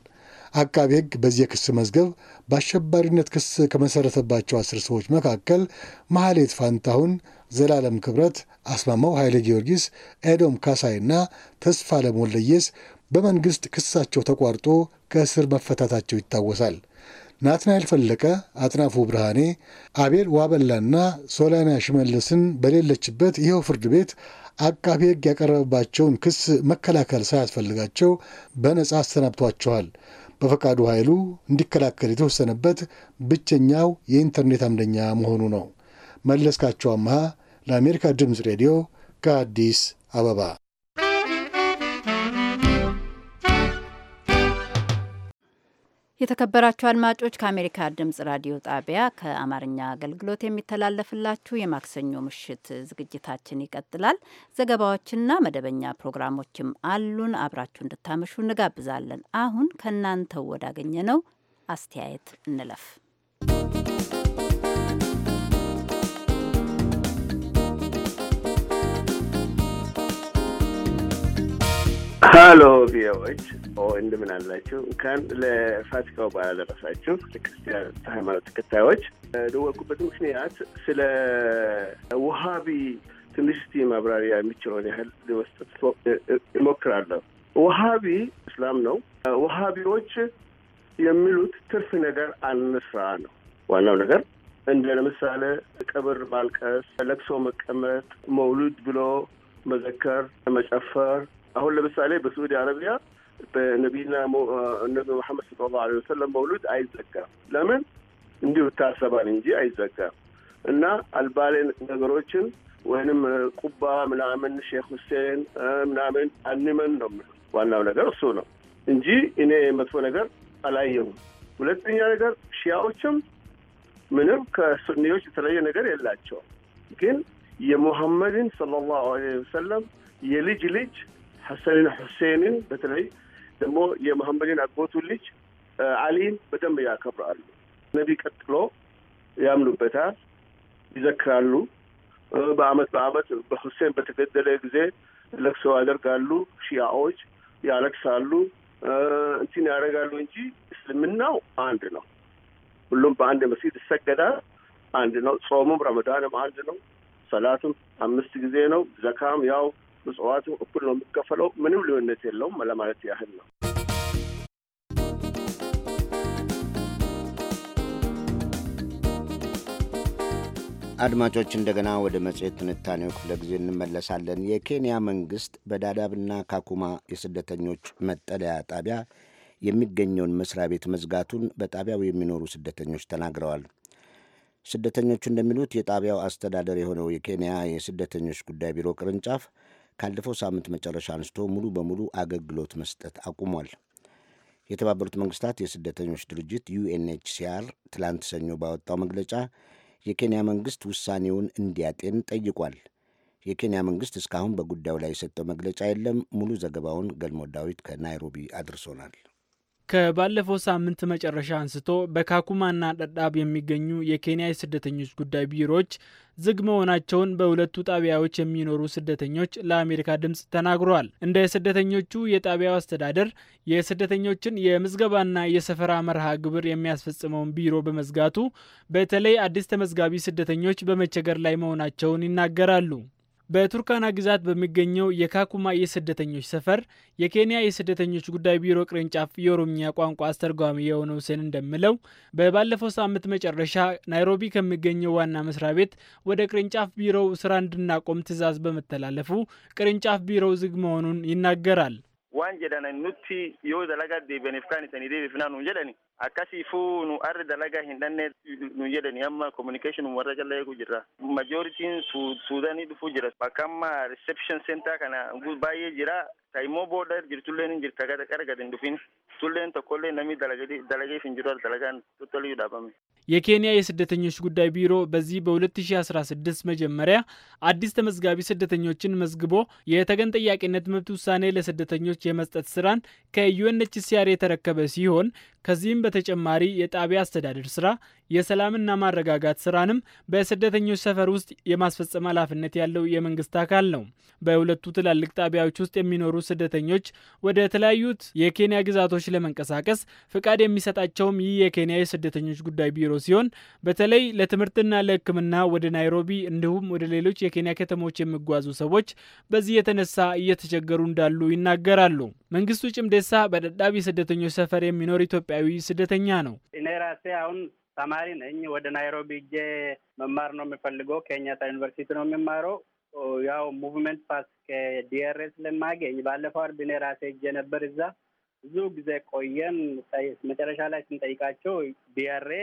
አቃቤ ሕግ በዚህ የክስ መዝገብ በአሸባሪነት ክስ ከመሠረተባቸው አስር ሰዎች መካከል መሐሌት ፋንታሁን ዘላለም ክብረት፣ አስማማው ኃይለ ጊዮርጊስ፣ ኤዶም ካሳይና ተስፋ ለሞለየስ በመንግሥት ክሳቸው ተቋርጦ ከእስር መፈታታቸው ይታወሳል። ናትናኤል ፈለቀ፣ አጥናፉ ብርሃኔ፣ አቤል ዋበላና ሶላና ሽመልስን በሌለችበት ይኸው ፍርድ ቤት አቃቤ ሕግ ያቀረበባቸውን ክስ መከላከል ሳያስፈልጋቸው በነጻ አሰናብቷቸዋል። በፈቃዱ ኃይሉ እንዲከላከል የተወሰነበት ብቸኛው የኢንተርኔት አምደኛ መሆኑ ነው። መለስካቸው አምሃ ለአሜሪካ ድምፅ ሬዲዮ ከአዲስ አበባ የተከበራችሁ አድማጮች ከአሜሪካ ድምጽ ራዲዮ ጣቢያ ከአማርኛ አገልግሎት የሚተላለፍላችሁ የማክሰኞ ምሽት ዝግጅታችን ይቀጥላል። ዘገባዎችና መደበኛ ፕሮግራሞችም አሉን። አብራችሁ እንድታመሹ እንጋብዛለን። አሁን ከእናንተው ወዳገኘ ነው አስተያየት እንለፍ። ሀሎ ቪዎች እንደምን አላችሁ? እንኳን ለፋሲካው በዓል አደረሳችሁ። ለክርስቲያን ሃይማኖት ተከታዮች ደወልኩበት ምክንያት ስለ ውሃቢ ትንሽ ማብራሪያ የሚችለውን ያህል ለመስጠት እሞክራለሁ። ውሃቢ እስላም ነው። ውሃቢዎች የሚሉት ትርፍ ነገር አንስራ ነው። ዋናው ነገር እንደ ለምሳሌ ቀብር ማልቀስ፣ ለቅሶ መቀመጥ፣ መውሉድ ብሎ መዘከር፣ መጨፈር አሁን ለምሳሌ በሳዑዲ አረቢያ በነቢይና ነቢ መሐመድ ሰለላሁ ዐለይሂ ወሰለም መውሉድ አይዘጋም። ለምን እንዲሁ ይታሰባል እንጂ አይዘጋም። እና አልባሌ ነገሮችን ወይንም ቁባ ምናምን ሼክ ሁሴን ምናምን አንመን ነው። ዋናው ነገር እሱ ነው እንጂ እኔ መጥፎ ነገር አላየሁም። ሁለተኛ ነገር ሺያዎችም ምንም ከሱኒዎች የተለየ ነገር የላቸውም። ግን የሙሐመድን ሰለላሁ ዐለይሂ ወሰለም የልጅ ልጅ ሀሰንን ሁሴንን በተለይ ደግሞ የመሐመድን አጎቱ ልጅ አሊን በደንብ ያከብራሉ። ነቢ ቀጥሎ ያምኑበታል፣ ይዘክራሉ። በአመት በአመት በሁሴን በተገደለ ጊዜ ለቅሶ ያደርጋሉ። ሺያዎች ያለቅሳሉ፣ እንትን ያደርጋሉ እንጂ እስልምናው አንድ ነው። ሁሉም በአንድ መስጊድ ይሰገዳል። አንድ ነው። ጾሙም ረመዳንም አንድ ነው። ሰላቱም አምስት ጊዜ ነው። ዘካም ያው እጽዋቱ እኩል ነው የሚከፈለው። ምንም ልዩነት የለውም ለማለት ያህል ነው። አድማጮች እንደገና ወደ መጽሔት ትንታኔው ክፍለ ጊዜ እንመለሳለን። የኬንያ መንግሥት በዳዳብና ካኩማ የስደተኞች መጠለያ ጣቢያ የሚገኘውን መስሪያ ቤት መዝጋቱን በጣቢያው የሚኖሩ ስደተኞች ተናግረዋል። ስደተኞቹ እንደሚሉት የጣቢያው አስተዳደር የሆነው የኬንያ የስደተኞች ጉዳይ ቢሮ ቅርንጫፍ ካለፈው ሳምንት መጨረሻ አንስቶ ሙሉ በሙሉ አገልግሎት መስጠት አቁሟል። የተባበሩት መንግስታት የስደተኞች ድርጅት ዩኤንኤችሲአር ትላንት ሰኞ ባወጣው መግለጫ የኬንያ መንግስት ውሳኔውን እንዲያጤን ጠይቋል። የኬንያ መንግስት እስካሁን በጉዳዩ ላይ የሰጠው መግለጫ የለም። ሙሉ ዘገባውን ገልሞ ዳዊት ከናይሮቢ አድርሶናል። ከባለፈው ሳምንት መጨረሻ አንስቶ በካኩማና ደዳብ የሚገኙ የኬንያ የስደተኞች ጉዳይ ቢሮዎች ዝግ መሆናቸውን በሁለቱ ጣቢያዎች የሚኖሩ ስደተኞች ለአሜሪካ ድምፅ ተናግረዋል። እንደ ስደተኞቹ የጣቢያው አስተዳደር የስደተኞችን የምዝገባና የሰፈራ መርሃ ግብር የሚያስፈጽመውን ቢሮ በመዝጋቱ በተለይ አዲስ ተመዝጋቢ ስደተኞች በመቸገር ላይ መሆናቸውን ይናገራሉ። በቱርካና ግዛት በሚገኘው የካኩማ የስደተኞች ሰፈር የኬንያ የስደተኞች ጉዳይ ቢሮ ቅርንጫፍ የኦሮምኛ ቋንቋ አስተርጓሚ የሆነው ስን እንደሚለው በባለፈው ሳምንት መጨረሻ ናይሮቢ ከሚገኘው ዋና መስሪያ ቤት ወደ ቅርንጫፍ ቢሮው ስራ እንድናቆም ትዕዛዝ በመተላለፉ ቅርንጫፍ ቢሮው ዝግ መሆኑን ይናገራል። ዋን ጀዳነ ኑቲ ዮ ሰኒ ጀዳኒ akkasii fu nu arre dalaga hin nu nu ni amma communication warra jalla jallayeeku jirra majoritiin suudanii dhufu jira bakka amma reception center kana gu baye jira ta immoo booda jirtulleen hin jirta gara du fin tulen to kolle nami dalaga dalaga dalageef hin jiru dalagaan ቶታሊ ይዳበም የኬንያ የስደተኞች ጉዳይ ቢሮ በዚህ በ2016 መጀመሪያ አዲስ ተመዝጋቢ ስደተኞችን መዝግቦ የተገን ጠያቂነት መብት ውሳኔ ለስደተኞች የመስጠት ስራን ከዩኤንኤችሲአር የተረከበ ሲሆን ከዚህም በተጨማሪ የጣቢያ አስተዳደር ስራ፣ የሰላምና ማረጋጋት ስራንም በስደተኞች ሰፈር ውስጥ የማስፈጸም ኃላፊነት ያለው የመንግስት አካል ነው። በሁለቱ ትላልቅ ጣቢያዎች ውስጥ የሚኖሩ ስደተኞች ወደ ተለያዩት የኬንያ ግዛቶች ለመንቀሳቀስ ፍቃድ የሚሰጣቸውም ይህ የኬንያ የስደተኞች ጉዳይ ቢሮ ሲሆን በተለይ ለትምህርትና ለሕክምና ወደ ናይሮቢ እንዲሁም ወደ ሌሎች የኬንያ ከተሞች የሚጓዙ ሰዎች በዚህ የተነሳ እየተቸገሩ እንዳሉ ይናገራሉ። መንግስቱ ጭምደሳ በደዳቢ ስደተኞች ሰፈር የሚኖር ኢትዮጵያዊ ስደተኛ ነው። እኔ ራሴ አሁን ተማሪ ነኝ። ወደ ናይሮቢ እጄ መማር ነው የሚፈልገው። ኬንያታ ዩኒቨርሲቲ ነው የሚማረው። ያው ሙቭመንት ፓስ ከዲኤርኤ ስለማገኝ ባለፈው አርብ እኔ ራሴ እጄ ነበር እዛ ብዙ ጊዜ ቆየን። መጨረሻ ላይ ስንጠይቃቸው ዲኤርኤ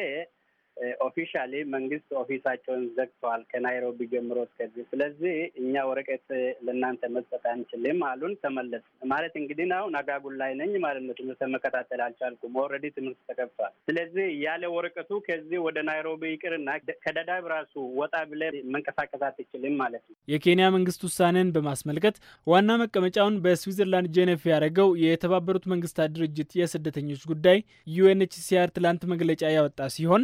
ኦፊሻሊ መንግስት ኦፊሳቸውን ዘግተዋል ከናይሮቢ ጀምሮ እስከዚህ። ስለዚህ እኛ ወረቀት ለእናንተ መስጠት አንችልም አሉን። ተመለስ ማለት እንግዲህ ነው። አጋጉል ላይ ነኝ ማለት ነው። ትምህርት መከታተል አልቻልኩም። ኦልሬዲ ትምህርት ተከፍቷል። ስለዚህ ያለ ወረቀቱ ከዚህ ወደ ናይሮቢ ይቅርና ከደዳብ ራሱ ወጣ ብለ መንቀሳቀስ አትችልም ማለት ነው። የኬንያ መንግስት ውሳኔን በማስመልከት ዋና መቀመጫውን በስዊዘርላንድ ጄኔቭ ያደረገው የተባበሩት መንግስታት ድርጅት የስደተኞች ጉዳይ ዩኤንኤችሲአር ትላንት መግለጫ ያወጣ ሲሆን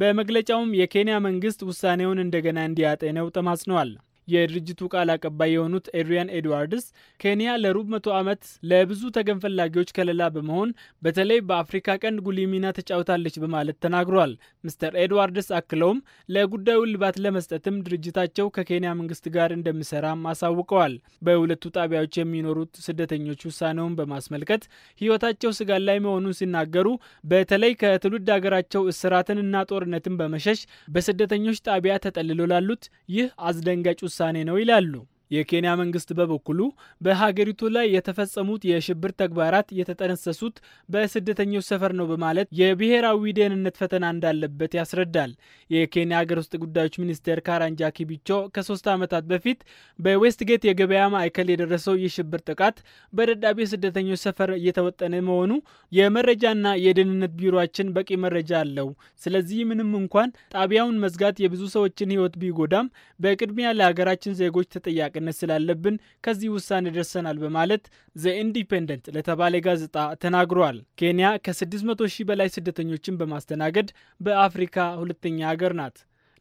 በመግለጫውም የኬንያ መንግስት ውሳኔውን እንደገና እንዲያጤነው ተማጽነዋል። የድርጅቱ ቃል አቀባይ የሆኑት ኤድሪያን ኤድዋርድስ ኬንያ ለሩብ መቶ ዓመት ለብዙ ተገን ፈላጊዎች ከለላ በመሆን በተለይ በአፍሪካ ቀንድ ጉልህ ሚና ተጫውታለች በማለት ተናግሯል። ሚስተር ኤድዋርድስ አክለውም ለጉዳዩ ልባት ለመስጠትም ድርጅታቸው ከኬንያ መንግስት ጋር እንደሚሰራም አሳውቀዋል። በሁለቱ ጣቢያዎች የሚኖሩት ስደተኞች ውሳኔውን በማስመልከት ህይወታቸው ስጋት ላይ መሆኑን ሲናገሩ በተለይ ከትውልድ ሀገራቸው እስራትን እና ጦርነትን በመሸሽ በስደተኞች ጣቢያ ተጠልሎ ላሉት ይህ አስደንጋጭ ውሳኔ ነው ይላሉ የኬንያ መንግስት በበኩሉ በሀገሪቱ ላይ የተፈጸሙት የሽብር ተግባራት የተጠነሰሱት በስደተኞች ሰፈር ነው በማለት የብሔራዊ ደህንነት ፈተና እንዳለበት ያስረዳል። የኬንያ ሀገር ውስጥ ጉዳዮች ሚኒስቴር ካራንጃ ኪቢቾ ከሶስት ዓመታት በፊት በዌስትጌት የገበያ ማዕከል የደረሰው የሽብር ጥቃት በደዳቤ ስደተኞች ሰፈር እየተወጠነ መሆኑ የመረጃና የደህንነት ቢሮችን በቂ መረጃ አለው። ስለዚህ ምንም እንኳን ጣቢያውን መዝጋት የብዙ ሰዎችን ህይወት ቢጎዳም በቅድሚያ ለሀገራችን ዜጎች ተጠያቂ ተጠያቂነት ስላለብን ከዚህ ውሳኔ ደርሰናል በማለት ዘኢንዲፔንደንት ለተባለ ጋዜጣ ተናግሯል። ኬንያ ከ600 ሺህ በላይ ስደተኞችን በማስተናገድ በአፍሪካ ሁለተኛ ሀገር ናት።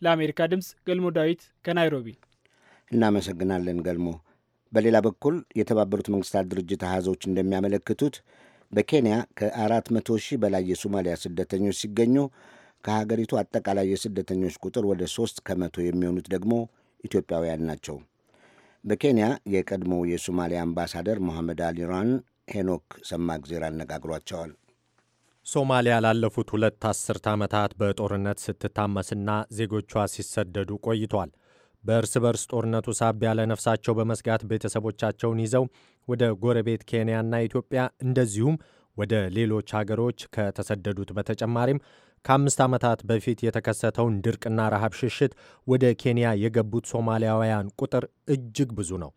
ለአሜሪካ ድምፅ ገልሞ ዳዊት ከናይሮቢ እናመሰግናለን ገልሞ። በሌላ በኩል የተባበሩት መንግስታት ድርጅት አሃዞች እንደሚያመለክቱት በኬንያ ከ400 ሺህ በላይ የሶማሊያ ስደተኞች ሲገኙ ከሀገሪቱ አጠቃላይ የስደተኞች ቁጥር ወደ ሶስት ከመቶ የሚሆኑት ደግሞ ኢትዮጵያውያን ናቸው። በኬንያ የቀድሞው የሶማሊያ አምባሳደር ሞሐመድ አሊራን ሄኖክ ሰማግዜር አነጋግሯቸዋል። ሶማሊያ ላለፉት ሁለት አስርት ዓመታት በጦርነት ስትታመስና ዜጎቿ ሲሰደዱ ቆይቷል። በእርስ በርስ ጦርነቱ ሳቢያ ለነፍሳቸው በመስጋት ቤተሰቦቻቸውን ይዘው ወደ ጎረቤት ኬንያና ኢትዮጵያ እንደዚሁም ወደ ሌሎች ሀገሮች ከተሰደዱት በተጨማሪም ከአምስት ዓመታት በፊት የተከሰተውን ድርቅና ረሃብ ሽሽት ወደ ኬንያ የገቡት ሶማሊያውያን ቁጥር እጅግ ብዙ ነው።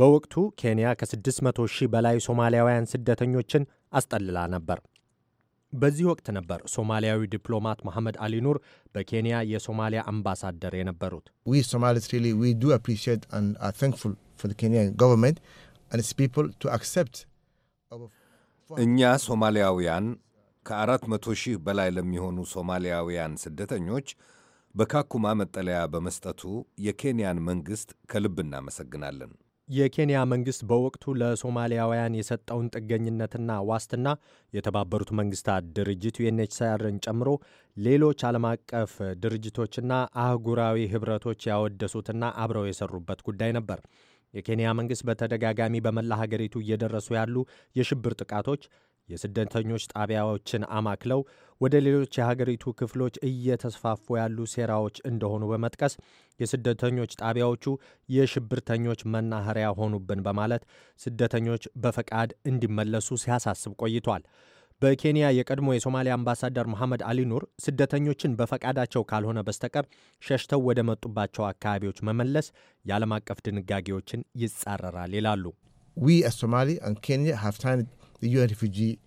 በወቅቱ ኬንያ ከ600 ሺህ በላይ ሶማሊያውያን ስደተኞችን አስጠልላ ነበር። በዚህ ወቅት ነበር ሶማሊያዊ ዲፕሎማት መሐመድ አሊ ኑር በኬንያ የሶማሊያ አምባሳደር የነበሩት። እኛ ሶማሊያውያን ከአራት መቶ ሺህ በላይ ለሚሆኑ ሶማሊያውያን ስደተኞች በካኩማ መጠለያ በመስጠቱ የኬንያን መንግሥት ከልብ እናመሰግናለን። የኬንያ መንግሥት በወቅቱ ለሶማሊያውያን የሰጠውን ጥገኝነትና ዋስትና የተባበሩት መንግሥታት ድርጅት ዩኤንኤችሲአርን ጨምሮ ሌሎች ዓለም አቀፍ ድርጅቶችና አህጉራዊ ኅብረቶች ያወደሱትና አብረው የሰሩበት ጉዳይ ነበር። የኬንያ መንግሥት በተደጋጋሚ በመላ ሀገሪቱ እየደረሱ ያሉ የሽብር ጥቃቶች የስደተኞች ጣቢያዎችን አማክለው ወደ ሌሎች የሀገሪቱ ክፍሎች እየተስፋፉ ያሉ ሴራዎች እንደሆኑ በመጥቀስ የስደተኞች ጣቢያዎቹ የሽብርተኞች መናኸሪያ ሆኑብን በማለት ስደተኞች በፈቃድ እንዲመለሱ ሲያሳስብ ቆይቷል። በኬንያ የቀድሞ የሶማሊያ አምባሳደር መሐመድ አሊ ኑር ስደተኞችን በፈቃዳቸው ካልሆነ በስተቀር ሸሽተው ወደ መጡባቸው አካባቢዎች መመለስ የዓለም አቀፍ ድንጋጌዎችን ይጻረራል ይላሉ። the UN Refugee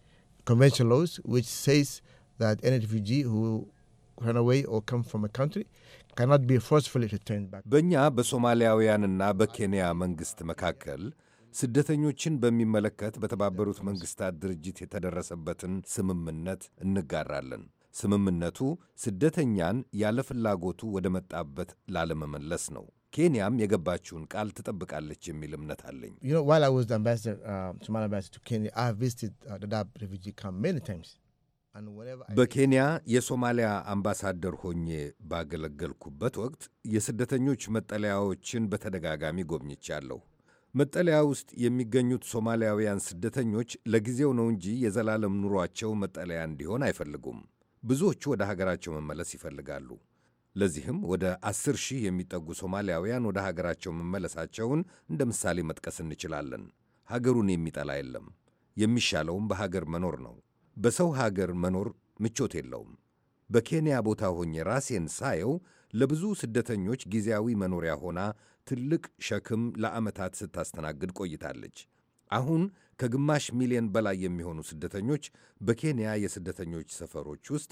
Convention laws, which says that any refugee who run away or come from a country cannot be forcefully returned back። በእኛ በሶማሊያውያንና በኬንያ መንግሥት መካከል ስደተኞችን በሚመለከት በተባበሩት መንግሥታት ድርጅት የተደረሰበትን ስምምነት እንጋራለን። ስምምነቱ ስደተኛን ያለ ፍላጎቱ ወደ መጣበት ላለመመለስ ነው። ኬንያም የገባችውን ቃል ትጠብቃለች የሚል እምነት አለኝ። uh, uh, በኬንያ የሶማሊያ አምባሳደር ሆኜ ባገለገልኩበት ወቅት የስደተኞች መጠለያዎችን በተደጋጋሚ ጎብኝቻለሁ። መጠለያ ውስጥ የሚገኙት ሶማሊያውያን ስደተኞች ለጊዜው ነው እንጂ የዘላለም ኑሯቸው መጠለያ እንዲሆን አይፈልጉም። ብዙዎቹ ወደ ሀገራቸው መመለስ ይፈልጋሉ። ለዚህም ወደ አስር ሺህ የሚጠጉ ሶማሊያውያን ወደ ሀገራቸው መመለሳቸውን እንደ ምሳሌ መጥቀስ እንችላለን። ሀገሩን የሚጠላ የለም። የሚሻለውም በሀገር መኖር ነው። በሰው ሀገር መኖር ምቾት የለውም። በኬንያ ቦታ ሆኜ ራሴን ሳየው ለብዙ ስደተኞች ጊዜያዊ መኖሪያ ሆና ትልቅ ሸክም ለዓመታት ስታስተናግድ ቆይታለች። አሁን ከግማሽ ሚሊዮን በላይ የሚሆኑ ስደተኞች በኬንያ የስደተኞች ሰፈሮች ውስጥ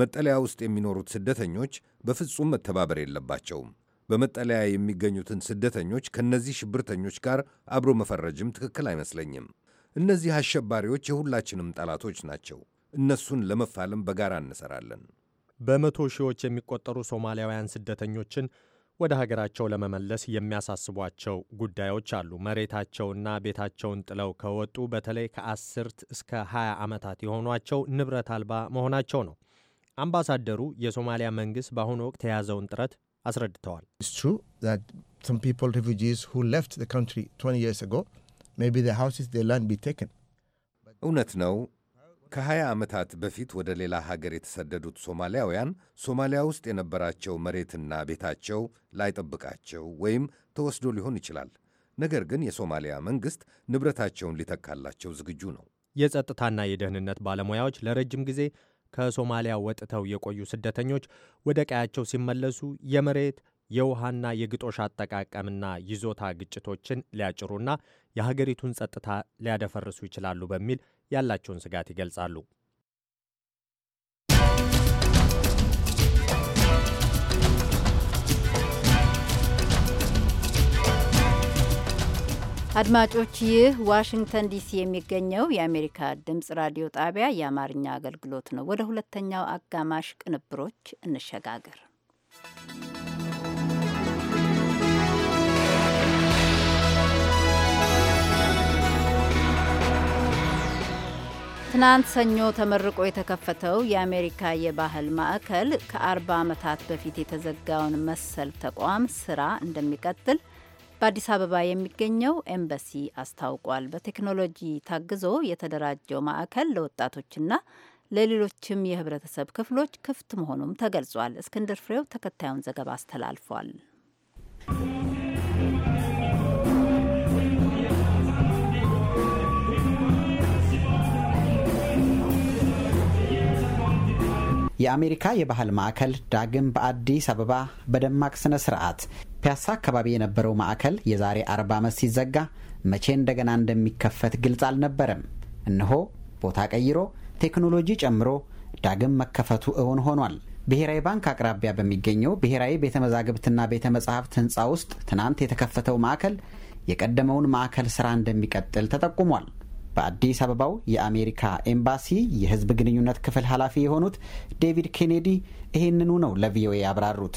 መጠለያ ውስጥ የሚኖሩት ስደተኞች በፍጹም መተባበር የለባቸውም። በመጠለያ የሚገኙትን ስደተኞች ከእነዚህ ሽብርተኞች ጋር አብሮ መፈረጅም ትክክል አይመስለኝም። እነዚህ አሸባሪዎች የሁላችንም ጠላቶች ናቸው። እነሱን ለመፋለም በጋራ እንሰራለን። በመቶ ሺዎች የሚቆጠሩ ሶማሊያውያን ስደተኞችን ወደ ሀገራቸው ለመመለስ የሚያሳስቧቸው ጉዳዮች አሉ። መሬታቸውና ቤታቸውን ጥለው ከወጡ በተለይ ከአስርት እስከ 20 ዓመታት የሆኗቸው ንብረት አልባ መሆናቸው ነው። አምባሳደሩ የሶማሊያ መንግሥት በአሁኑ ወቅት የያዘውን ጥረት አስረድተዋል። እውነት ነው። ከ20 ዓመታት በፊት ወደ ሌላ ሀገር የተሰደዱት ሶማሊያውያን ሶማሊያ ውስጥ የነበራቸው መሬትና ቤታቸው ላይጠብቃቸው ወይም ተወስዶ ሊሆን ይችላል። ነገር ግን የሶማሊያ መንግሥት ንብረታቸውን ሊተካላቸው ዝግጁ ነው። የጸጥታና የደህንነት ባለሙያዎች ለረጅም ጊዜ ከሶማሊያ ወጥተው የቆዩ ስደተኞች ወደ ቀያቸው ሲመለሱ የመሬት የውሃና የግጦሽ አጠቃቀምና ይዞታ ግጭቶችን ሊያጭሩና የሀገሪቱን ጸጥታ ሊያደፈርሱ ይችላሉ በሚል ያላቸውን ስጋት ይገልጻሉ። አድማጮች ይህ ዋሽንግተን ዲሲ የሚገኘው የአሜሪካ ድምጽ ራዲዮ ጣቢያ የአማርኛ አገልግሎት ነው። ወደ ሁለተኛው አጋማሽ ቅንብሮች እንሸጋገር። ትናንት ሰኞ ተመርቆ የተከፈተው የአሜሪካ የባህል ማዕከል ከ ዓመታት በፊት የተዘጋውን መሰል ተቋም ስራ እንደሚቀጥል በአዲስ አበባ የሚገኘው ኤምባሲ አስታውቋል። በቴክኖሎጂ ታግዞ የተደራጀው ማዕከል ለወጣቶችና ለሌሎችም የህብረተሰብ ክፍሎች ክፍት መሆኑም ተገልጿል። እስክንድር ፍሬው ተከታዩን ዘገባ አስተላልፏል። የአሜሪካ የባህል ማዕከል ዳግም በአዲስ አበባ በደማቅ ስነ ስርዓት ፒያሳ አካባቢ የነበረው ማዕከል የዛሬ አርባ ዓመት ሲዘጋ መቼ እንደገና እንደሚከፈት ግልጽ አልነበረም። እነሆ ቦታ ቀይሮ ቴክኖሎጂ ጨምሮ ዳግም መከፈቱ እውን ሆኗል። ብሔራዊ ባንክ አቅራቢያ በሚገኘው ብሔራዊ ቤተ መዛግብትና ቤተ መጻሕፍት ህንፃ ውስጥ ትናንት የተከፈተው ማዕከል የቀደመውን ማዕከል ስራ እንደሚቀጥል ተጠቁሟል። በአዲስ አበባው የአሜሪካ ኤምባሲ የሕዝብ ግንኙነት ክፍል ኃላፊ የሆኑት ዴቪድ ኬኔዲ ይህንኑ ነው ለቪኦኤ ያብራሩት።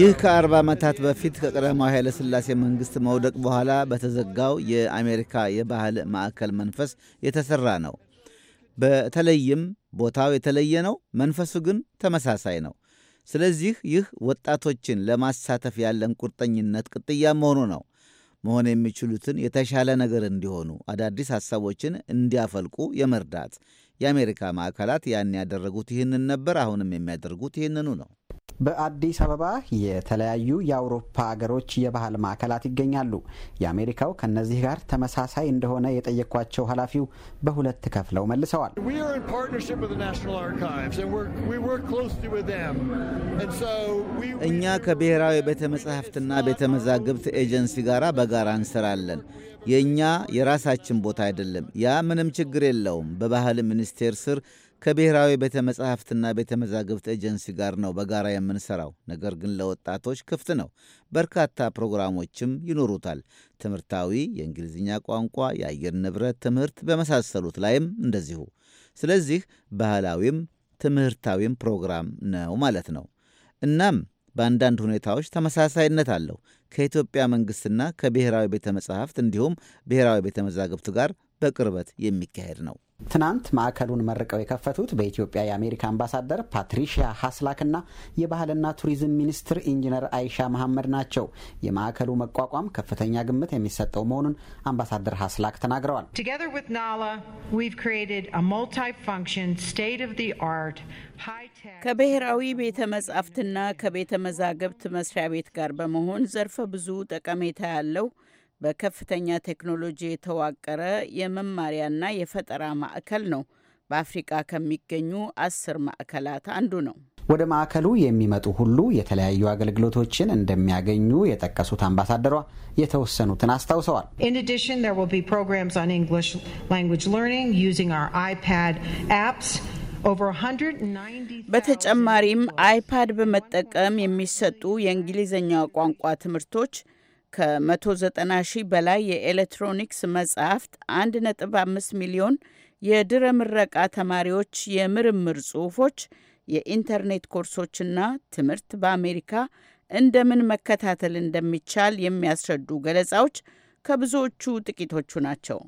ይህ ከ40 ዓመታት በፊት ከቀዳማዊ ኃይለሥላሴ መንግሥት መውደቅ በኋላ በተዘጋው የአሜሪካ የባህል ማዕከል መንፈስ የተሠራ ነው። በተለይም ቦታው የተለየ ነው፣ መንፈሱ ግን ተመሳሳይ ነው። ስለዚህ ይህ ወጣቶችን ለማሳተፍ ያለን ቁርጠኝነት ቅጥያ መሆኑ ነው። መሆን የሚችሉትን የተሻለ ነገር እንዲሆኑ፣ አዳዲስ ሐሳቦችን እንዲያፈልቁ የመርዳት የአሜሪካ ማዕከላት ያን ያደረጉት ይህንን ነበር። አሁንም የሚያደርጉት ይህንኑ ነው። በአዲስ አበባ የተለያዩ የአውሮፓ ሀገሮች የባህል ማዕከላት ይገኛሉ። የአሜሪካው ከእነዚህ ጋር ተመሳሳይ እንደሆነ የጠየኳቸው ኃላፊው በሁለት ከፍለው መልሰዋል። እኛ ከብሔራዊ ቤተ መጻሕፍትና ቤተ መዛግብት ኤጀንሲ ጋር በጋራ እንሰራለን። የእኛ የራሳችን ቦታ አይደለም። ያ ምንም ችግር የለውም። በባህል ሚኒስቴር ስር ከብሔራዊ ቤተ መጻሕፍትና ቤተ መዛግብት ኤጀንሲ ጋር ነው በጋራ የምንሰራው። ነገር ግን ለወጣቶች ክፍት ነው። በርካታ ፕሮግራሞችም ይኖሩታል። ትምህርታዊ፣ የእንግሊዝኛ ቋንቋ፣ የአየር ንብረት ትምህርት በመሳሰሉት ላይም እንደዚሁ። ስለዚህ ባህላዊም ትምህርታዊም ፕሮግራም ነው ማለት ነው። እናም በአንዳንድ ሁኔታዎች ተመሳሳይነት አለው ከኢትዮጵያ መንግሥትና ከብሔራዊ ቤተ መጻሕፍት እንዲሁም ብሔራዊ ቤተ መዛግብት ጋር በቅርበት የሚካሄድ ነው። ትናንት ማዕከሉን መርቀው የከፈቱት በኢትዮጵያ የአሜሪካ አምባሳደር ፓትሪሺያ ሀስላክና የባህልና ቱሪዝም ሚኒስትር ኢንጂነር አይሻ መሐመድ ናቸው። የማዕከሉ መቋቋም ከፍተኛ ግምት የሚሰጠው መሆኑን አምባሳደር ሀስላክ ተናግረዋል። ከብሔራዊ ቤተ መጻሕፍትና ከቤተ መዛግብት መስሪያ ቤት ጋር በመሆን ዘርፈ ብዙ ጠቀሜታ ያለው በከፍተኛ ቴክኖሎጂ የተዋቀረ የመማሪያና የፈጠራ ማዕከል ነው። በአፍሪቃ ከሚገኙ አስር ማዕከላት አንዱ ነው። ወደ ማዕከሉ የሚመጡ ሁሉ የተለያዩ አገልግሎቶችን እንደሚያገኙ የጠቀሱት አምባሳደሯ የተወሰኑትን አስታውሰዋል። በተጨማሪም አይፓድ በመጠቀም የሚሰጡ የእንግሊዝኛ ቋንቋ ትምህርቶች ከ190 ሺህ በላይ የኤሌክትሮኒክስ መጽሐፍት 1.5 ሚሊዮን የድረ ምረቃ ተማሪዎች የምርምር ጽሑፎች፣ የኢንተርኔት ኮርሶችና ትምህርት በአሜሪካ እንደምን መከታተል እንደሚቻል የሚያስረዱ ገለጻዎች ከብዙዎቹ ጥቂቶቹ ናቸው።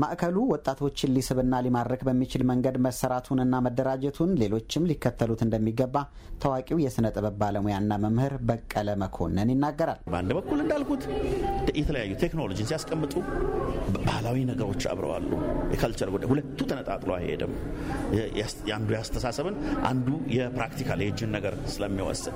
ማዕከሉ ወጣቶችን ሊስብና ሊማርክ በሚችል መንገድ መሰራቱንና መደራጀቱን ሌሎችም ሊከተሉት እንደሚገባ ታዋቂው የሥነ ጥበብ ባለሙያና መምህር በቀለ መኮንን ይናገራል። በአንድ በኩል እንዳልኩት የተለያዩ ቴክኖሎጂን ሲያስቀምጡ ባህላዊ ነገሮች አብረዋሉ። የካልቸር ጉዳይ ሁለቱ ተነጣጥሎ አይሄድም። አንዱ ያስተሳሰብን፣ አንዱ የፕራክቲካል የእጅን ነገር ስለሚወስድ፣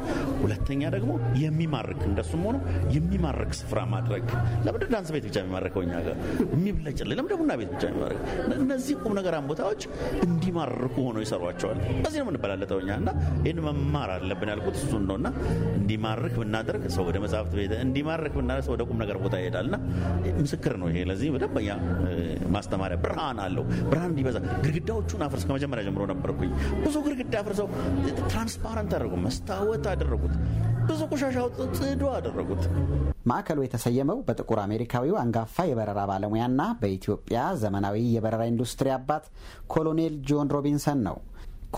ሁለተኛ ደግሞ የሚማርክ እንደሱም ሆኖ የሚማርክ ስፍራ ማድረግ ለምድር ዳንስ ቤት ብቻ የሚማርከው እኛ ጋር የሚብለጭልኝ ቡና ቤት ብቻ የሚመረቅ እነዚህ ቁም ነገራን ቦታዎች እንዲማርኩ ሆኖ ይሰሯቸዋል። በዚህ ነው የምንበላለጠው እኛ እና ይህን መማር አለብን ያልኩት እሱን ነው እና እንዲማርክ ብናደርግ ሰው ወደ መጽሐፍት ቤት እንዲማርክ ብናደርግ ሰው ወደ ቁም ነገር ቦታ ይሄዳል እና ምስክር ነው ይሄ። ለዚህ በደንብ ማስተማሪያ ብርሃን አለው። ብርሃን እንዲበዛ ግድግዳዎቹን አፍርስ ከመጀመሪያ ጀምሮ ነበርኩኝ። ብዙ ግድግዳ አፍርሰው ትራንስፓረንት አደረጉ፣ መስታወት አደረጉት። ብዙ ቆሻሻ ጽዱ አደረጉት። ማዕከሉ የተሰየመው በጥቁር አሜሪካዊው አንጋፋ የበረራ ባለሙያና በኢትዮጵያ ዘመናዊ የበረራ ኢንዱስትሪ አባት ኮሎኔል ጆን ሮቢንሰን ነው።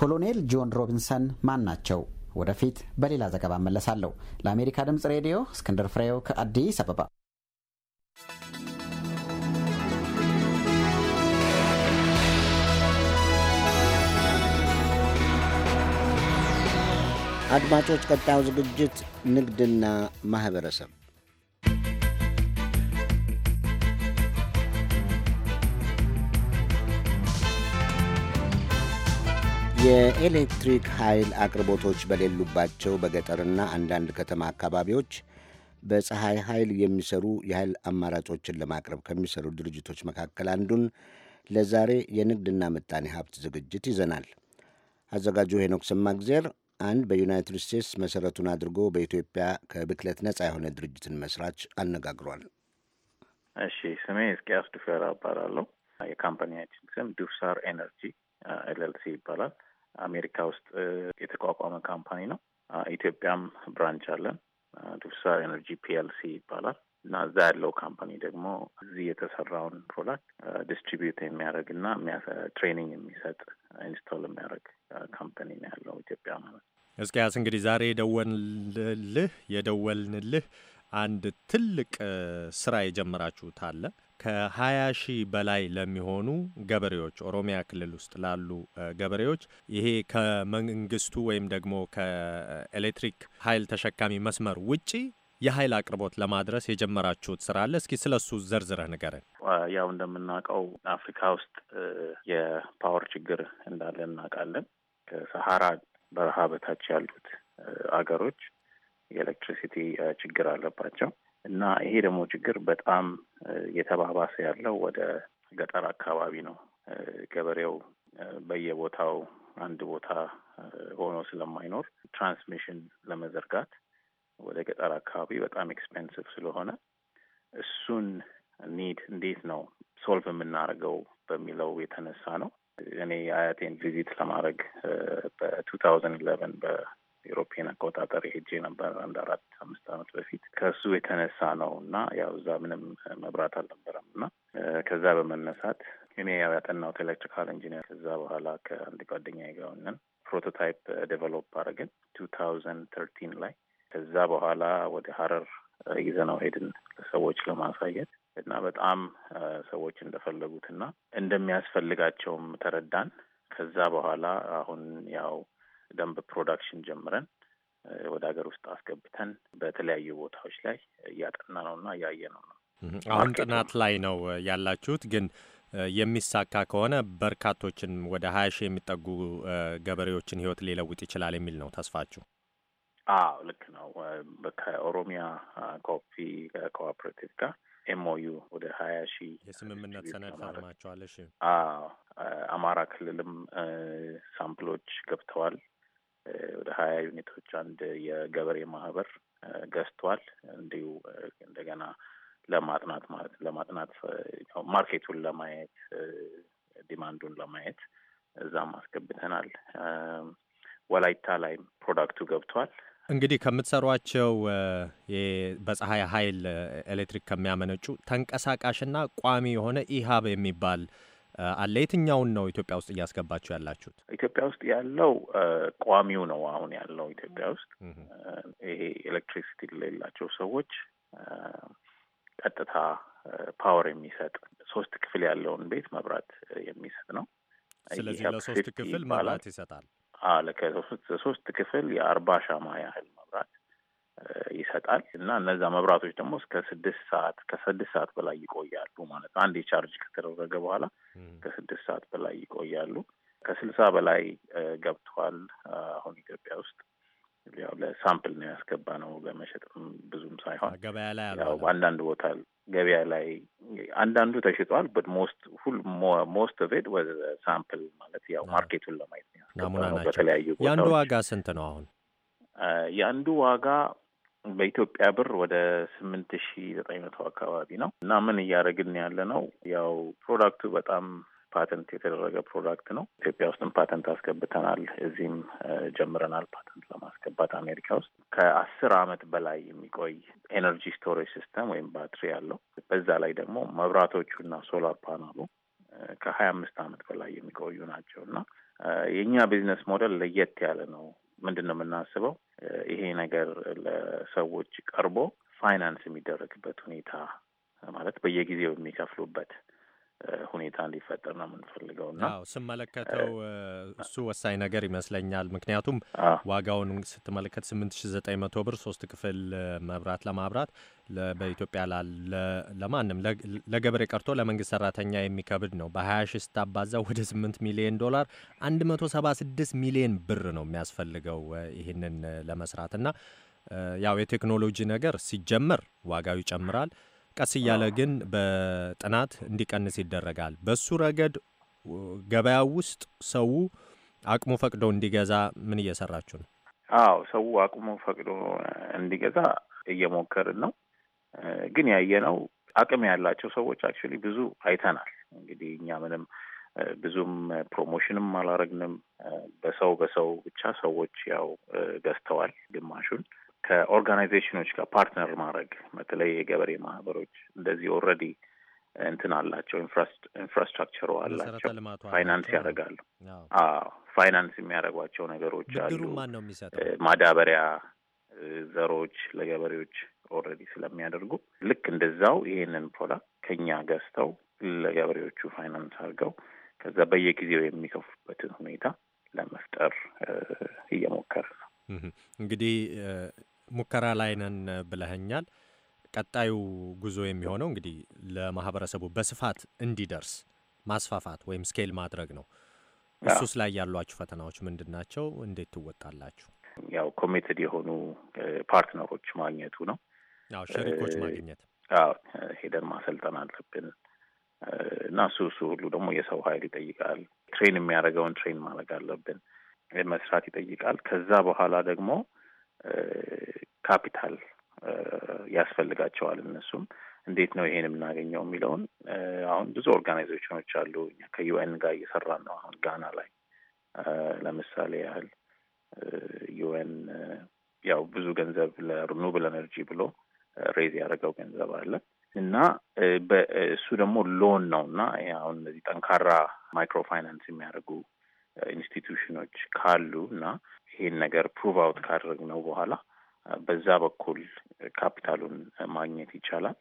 ኮሎኔል ጆን ሮቢንሰን ማን ናቸው? ወደፊት በሌላ ዘገባ እመለሳለሁ። ለአሜሪካ ድምፅ ሬዲዮ እስክንድር ፍሬው ከአዲስ አበባ አድማጮች፣ ቀጣዩ ዝግጅት ንግድና ማህበረሰብ የኤሌክትሪክ ኃይል አቅርቦቶች በሌሉባቸው በገጠርና አንዳንድ ከተማ አካባቢዎች በፀሐይ ኃይል የሚሰሩ የኃይል አማራጮችን ለማቅረብ ከሚሰሩ ድርጅቶች መካከል አንዱን ለዛሬ የንግድና ምጣኔ ሀብት ዝግጅት ይዘናል። አዘጋጁ ሄኖክ ስማግዜር አንድ በዩናይትድ ስቴትስ መሰረቱን አድርጎ በኢትዮጵያ ከብክለት ነጻ የሆነ ድርጅትን መስራች አነጋግሯል። እሺ፣ ስሜ እስቅያስ ዱፌራ እባላለሁ። የካምፓኒያችን ስም ዱፍሳር ኤነርጂ ኤልኤልሲ ይባላል። አሜሪካ ውስጥ የተቋቋመ ካምፓኒ ነው። ኢትዮጵያም ብራንች አለን። ዱፍሳር ኤነርጂ ፒኤልሲ ይባላል እና እዛ ያለው ካምፓኒ ደግሞ እዚህ የተሰራውን ፕሮዳክት ዲስትሪቢዩት የሚያደርግ እና ትሬኒንግ የሚሰጥ ኢንስቶል የሚያደርግ ካምፓኒ ነው ያለው ኢትዮጵያ ማለት ነው። እስኪያስ እንግዲህ ዛሬ የደወልልህ የደወልንልህ አንድ ትልቅ ስራ የጀመራችሁት አለ ከሀያ ሺህ በላይ ለሚሆኑ ገበሬዎች ኦሮሚያ ክልል ውስጥ ላሉ ገበሬዎች ይሄ ከመንግስቱ ወይም ደግሞ ከኤሌክትሪክ ኃይል ተሸካሚ መስመር ውጪ የኃይል አቅርቦት ለማድረስ የጀመራችሁት ስራ አለ። እስኪ ስለ እሱ ዘርዝረህ ንገረን። ያው እንደምናውቀው አፍሪካ ውስጥ የፓወር ችግር እንዳለ እናውቃለን። ከሰሃራ በረሃ በታች ያሉት አገሮች የኤሌክትሪሲቲ ችግር አለባቸው እና ይሄ ደግሞ ችግር በጣም እየተባባሰ ያለው ወደ ገጠር አካባቢ ነው። ገበሬው በየቦታው አንድ ቦታ ሆኖ ስለማይኖር ትራንስሚሽን ለመዘርጋት ወደ ገጠር አካባቢ በጣም ኤክስፔንሲቭ ስለሆነ እሱን ኒድ እንዴት ነው ሶልቭ የምናደርገው በሚለው የተነሳ ነው። እኔ አያቴን ቪዚት ለማድረግ በቱ ታውዘንድ ኢለቨን በኢሮፒያን አቆጣጠር ሄጄ ነበር አንድ አራት አምስት አመት በፊት ከእሱ የተነሳ ነው እና ያው እዛ ምንም መብራት አልነበረም እና ከዛ በመነሳት እኔ ያው ያጠናሁት ኤሌክትሪካል ኢንጂነር ከዛ በኋላ ከአንድ ጓደኛ ጋር ፕሮቶታይፕ ዴቨሎፕ አድርገን ቱ ታውዘንድ ተርቲን ላይ ከዛ በኋላ ወደ ሀረር ይዘነው ሄድን ለሰዎች ለማሳየት እና በጣም ሰዎች እንደፈለጉትና እንደሚያስፈልጋቸውም ተረዳን። ከዛ በኋላ አሁን ያው ደንብ ፕሮዳክሽን ጀምረን ወደ ሀገር ውስጥ አስገብተን በተለያዩ ቦታዎች ላይ እያጠና ነውና እያየ ነው ነው አሁን ጥናት ላይ ነው ያላችሁት ግን የሚሳካ ከሆነ በርካቶችን ወደ ሀያ ሺህ የሚጠጉ ገበሬዎችን ህይወት ሊለውጥ ይችላል የሚል ነው ተስፋችሁ? አዎ ልክ ነው። ከኦሮሚያ ኮፒ ኮኦፕሬቲቭ ጋር ኤምኦዩ ወደ ሀያ ሺህ የስምምነት ሰነድ ፈርማቸዋል። እሺ። አማራ ክልልም ሳምፕሎች ገብተዋል። ወደ ሀያ ዩኒቶች አንድ የገበሬ ማህበር ገዝቷል። እንዲሁ እንደገና ለማጥናት ማለት ለማጥናት ማርኬቱን ለማየት ዲማንዱን ለማየት እዛም አስገብተናል። ወላይታ ላይም ፕሮዳክቱ ገብቷል። እንግዲህ ከምትሰሯቸው በፀሐይ ኃይል ኤሌክትሪክ ከሚያመነጩ ተንቀሳቃሽና ቋሚ የሆነ ኢሃብ የሚባል አለ። የትኛውን ነው ኢትዮጵያ ውስጥ እያስገባችሁ ያላችሁት? ኢትዮጵያ ውስጥ ያለው ቋሚው ነው። አሁን ያለው ኢትዮጵያ ውስጥ ይሄ ኤሌክትሪሲቲ ለሌላቸው ሰዎች ቀጥታ ፓወር የሚሰጥ ሶስት ክፍል ያለውን ቤት መብራት የሚሰጥ ነው። ስለዚህ ለሶስት ክፍል መብራት ይሰጣል። አለ ሶስት ክፍል የአርባ ሻማ ያህል መብራት ይሰጣል እና እነዛ መብራቶች ደግሞ እስከ ስድስት ሰዓት ከስድስት ሰዓት በላይ ይቆያሉ ማለት ነው። አንድ የቻርጅ ከተደረገ በኋላ ከስድስት ሰዓት በላይ ይቆያሉ። ከስልሳ በላይ ገብተዋል አሁን ኢትዮጵያ ውስጥ ያው ለሳምፕል ነው ያስገባ ነው ለመሸጥ ብዙም ሳይሆን ገበያ ላይ ያው አንዳንድ ቦታ ገበያ ላይ አንዳንዱ ተሽጧል። በት ሞስት ሁል ሞስት ኦፍ ኢት ወደ ሳምፕል ማለት ያው ማርኬቱን ለማየት ናሙና ናቸው። በተለያዩ የአንዱ ዋጋ ስንት ነው? አሁን የአንዱ ዋጋ በኢትዮጵያ ብር ወደ ስምንት ሺ ዘጠኝ መቶ አካባቢ ነው እና ምን እያደረግን ያለ ነው ያው ፕሮዳክቱ በጣም ፓተንት የተደረገ ፕሮዳክት ነው። ኢትዮጵያ ውስጥም ፓተንት አስገብተናል። እዚህም ጀምረናል ፓተንት ለማስገባት አሜሪካ ውስጥ ከአስር አመት በላይ የሚቆይ ኤነርጂ ስቶሬጅ ሲስተም ወይም ባትሪ ያለው በዛ ላይ ደግሞ መብራቶቹ እና ሶላር ፓናሉ ከሀያ አምስት ዓመት በላይ የሚቆዩ ናቸው እና የእኛ ቢዝነስ ሞዴል ለየት ያለ ነው። ምንድን ነው የምናስበው? ይሄ ነገር ለሰዎች ቀርቦ ፋይናንስ የሚደረግበት ሁኔታ ማለት በየጊዜው የሚከፍሉበት ሁኔታ እንዲፈጠር ነው የምንፈልገው ና ስመለከተው እሱ ወሳኝ ነገር ይመስለኛል። ምክንያቱም ዋጋውን ስትመለከት ስምንት ሺ ዘጠኝ መቶ ብር ሶስት ክፍል መብራት ለማብራት በኢትዮጵያ ላ ለማንም ለገበሬ ቀርቶ ለመንግስት ሰራተኛ የሚከብድ ነው። በሀያ ሺ ስታባዛው ወደ ስምንት ሚሊዮን ዶላር አንድ መቶ ሰባ ስድስት ሚሊዮን ብር ነው የሚያስፈልገው ይህንን ለመስራት እና ያው የቴክኖሎጂ ነገር ሲጀመር ዋጋው ይጨምራል። ቀስ እያለ ግን በጥናት እንዲቀንስ ይደረጋል። በሱ ረገድ ገበያው ውስጥ ሰው አቅሙ ፈቅዶ እንዲገዛ ምን እየሰራችሁ ነው? አዎ ሰው አቅሙ ፈቅዶ እንዲገዛ እየሞከርን ነው። ግን ያየነው አቅም ያላቸው ሰዎች አክቹዋሊ ብዙ አይተናል። እንግዲህ እኛ ምንም ብዙም ፕሮሞሽንም አላረግንም። በሰው በሰው ብቻ ሰዎች ያው ገዝተዋል ግማሹን ከኦርጋናይዜሽኖች ጋር ፓርትነር ማድረግ በተለይ የገበሬ ማህበሮች እንደዚህ ኦልሬዲ እንትን አላቸው፣ ኢንፍራስትራክቸሩ አላቸው፣ ፋይናንስ ያደርጋሉ። ፋይናንስ የሚያደርጓቸው ነገሮች አሉ። ማዳበሪያ፣ ዘሮች ለገበሬዎች ኦልሬዲ ስለሚያደርጉ ልክ እንደዛው ይህንን ፕሮዳክት ከኛ ገዝተው ለገበሬዎቹ ፋይናንስ አድርገው ከዛ በየጊዜው የሚከፉበትን ሁኔታ ለመፍጠር እየሞከር ነው። እንግዲህ ሙከራ ላይ ነን ቀጣዩ ጉዞ የሚሆነው እንግዲህ ለማህበረሰቡ በስፋት እንዲደርስ ማስፋፋት ወይም ስኬል ማድረግ ነው። እሱስ ላይ ያሏችሁ ፈተናዎች ምንድን ናቸው? እንዴት ትወጣላችሁ? ያው ኮሚትድ የሆኑ ፓርትነሮች ማግኘቱ ነው። አዎ ሸሪኮች ማግኘት፣ ሄደን ማሰልጠን አለብን እና እሱ እሱ ሁሉ ደግሞ የሰው ኃይል ይጠይቃል። ትሬን የሚያደርገውን ትሬን ማድረግ አለብን፣ መስራት ይጠይቃል። ከዛ በኋላ ደግሞ ካፒታል ያስፈልጋቸዋል። እነሱም እንዴት ነው ይሄን የምናገኘው የሚለውን አሁን ብዙ ኦርጋናይዜሽኖች አሉ። ከዩኤን ጋር እየሰራን ነው። አሁን ጋና ላይ ለምሳሌ ያህል ዩኤን ያው ብዙ ገንዘብ ለሪኑብል ኤነርጂ ብሎ ሬዝ ያደረገው ገንዘብ አለ እና እሱ ደግሞ ሎን ነው እና አሁን እነዚህ ጠንካራ ማይክሮ ፋይናንስ የሚያደርጉ ኢንስቲትዩሽኖች ካሉ እና ይህን ነገር ፕሩቭ አውት ካደረግ ነው በኋላ በዛ በኩል ካፒታሉን ማግኘት ይቻላል።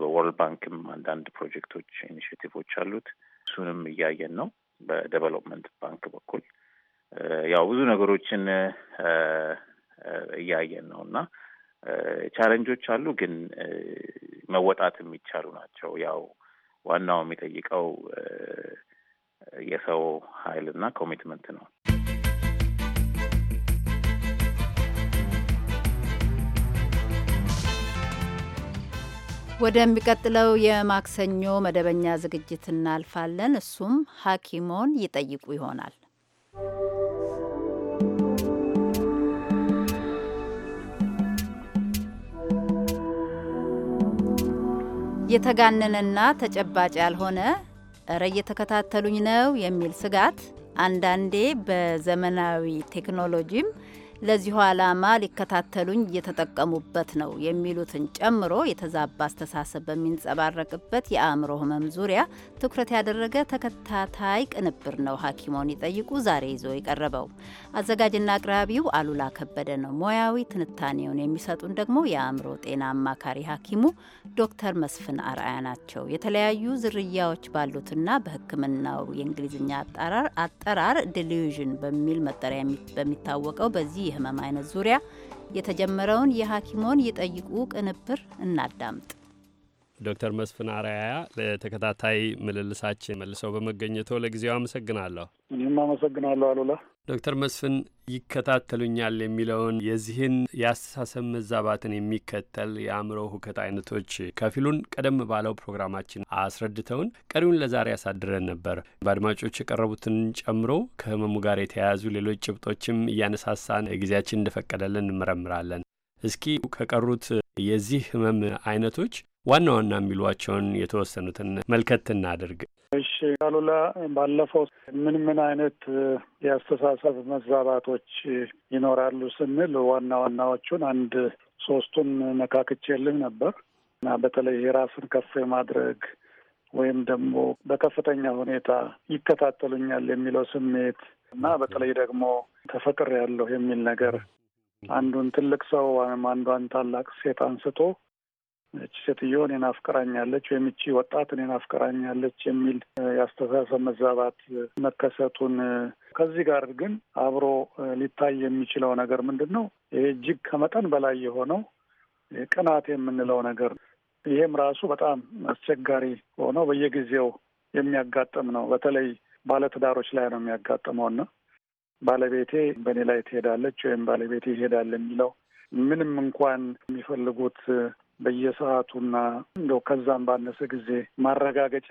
በወርልድ ባንክም አንዳንድ ፕሮጀክቶች፣ ኢኒሽቲቮች አሉት። እሱንም እያየን ነው። በዴቨሎፕመንት ባንክ በኩል ያው ብዙ ነገሮችን እያየን ነው እና ቻለንጆች አሉ፣ ግን መወጣት የሚቻሉ ናቸው። ያው ዋናው የሚጠይቀው የሰው እና ኮሚትመንት ነው። ወደሚቀጥለው የማክሰኞ መደበኛ ዝግጅት እናልፋለን። እሱም ሐኪሞን ይጠይቁ ይሆናል። የተጋነነና ተጨባጭ ያልሆነ እረ እየተከታተሉኝ ነው የሚል ስጋት አንዳንዴ በዘመናዊ ቴክኖሎጂም ለዚሁ ዓላማ ሊከታተሉኝ እየተጠቀሙበት ነው የሚሉትን ጨምሮ የተዛባ አስተሳሰብ በሚንጸባረቅበት የአእምሮ ህመም ዙሪያ ትኩረት ያደረገ ተከታታይ ቅንብር ነው ሐኪሞን ይጠይቁ ዛሬ ይዞ የቀረበው። አዘጋጅና አቅራቢው አሉላ ከበደ ነው። ሙያዊ ትንታኔውን የሚሰጡን ደግሞ የአእምሮ ጤና አማካሪ ሐኪሙ ዶክተር መስፍን አርአያ ናቸው። የተለያዩ ዝርያዎች ባሉትና በሕክምናው የእንግሊዝኛ አጠራር ዲሊዥን በሚል መጠሪያ በሚታወቀው በዚህ የህመም አይነት ዙሪያ የተጀመረውን የሐኪሞን ይጠይቁ ቅንብር እናዳምጥ። ዶክተር መስፍን አራያ ለተከታታይ ምልልሳችን መልሰው በመገኘቶ ለጊዜው አመሰግናለሁ። እኔም አመሰግናለሁ አሉላ። ዶክተር መስፍን ይከታተሉኛል የሚለውን የዚህን የአስተሳሰብ መዛባትን የሚከተል የአእምሮ ሁከት አይነቶች ከፊሉን ቀደም ባለው ፕሮግራማችን አስረድተውን ቀሪውን ለዛሬ ያሳድረን ነበር። በአድማጮች የቀረቡትን ጨምሮ ከህመሙ ጋር የተያያዙ ሌሎች ጭብጦችም እያነሳሳን ጊዜያችን እንደፈቀደልን እንመረምራለን። እስኪ ከቀሩት የዚህ ህመም አይነቶች ዋና ዋና የሚሏቸውን የተወሰኑትን መልከት እናድርግ። እሺ አሉላ፣ ባለፈው ምን ምን አይነት የአስተሳሰብ መዛባቶች ይኖራሉ ስንል ዋና ዋናዎቹን አንድ ሶስቱን ነካክቼልህ ነበር እና በተለይ የራስን ከፍ የማድረግ ወይም ደግሞ በከፍተኛ ሁኔታ ይከታተሉኛል የሚለው ስሜት እና በተለይ ደግሞ ተፈቅሬያለሁ የሚል ነገር አንዱን ትልቅ ሰው ወይም አንዷን ታላቅ ሴት አንስቶ እቺ ሴትዮ እኔን አፍቅራኛለች ወይም እቺ ወጣት እኔን አፍቅራኛለች የሚል የአስተሳሰብ መዛባት መከሰቱን ከዚህ ጋር ግን አብሮ ሊታይ የሚችለው ነገር ምንድን ነው? ይሄ እጅግ ከመጠን በላይ የሆነው ቅናት የምንለው ነገር ይሄም ራሱ በጣም አስቸጋሪ ሆነው በየጊዜው የሚያጋጥም ነው። በተለይ ባለትዳሮች ላይ ነው የሚያጋጥመውና ባለቤቴ በእኔ ላይ ትሄዳለች ወይም ባለቤቴ ይሄዳል የሚለው ምንም እንኳን የሚፈልጉት በየሰዓቱና እንደው ከዛም ባነሰ ጊዜ ማረጋገጫ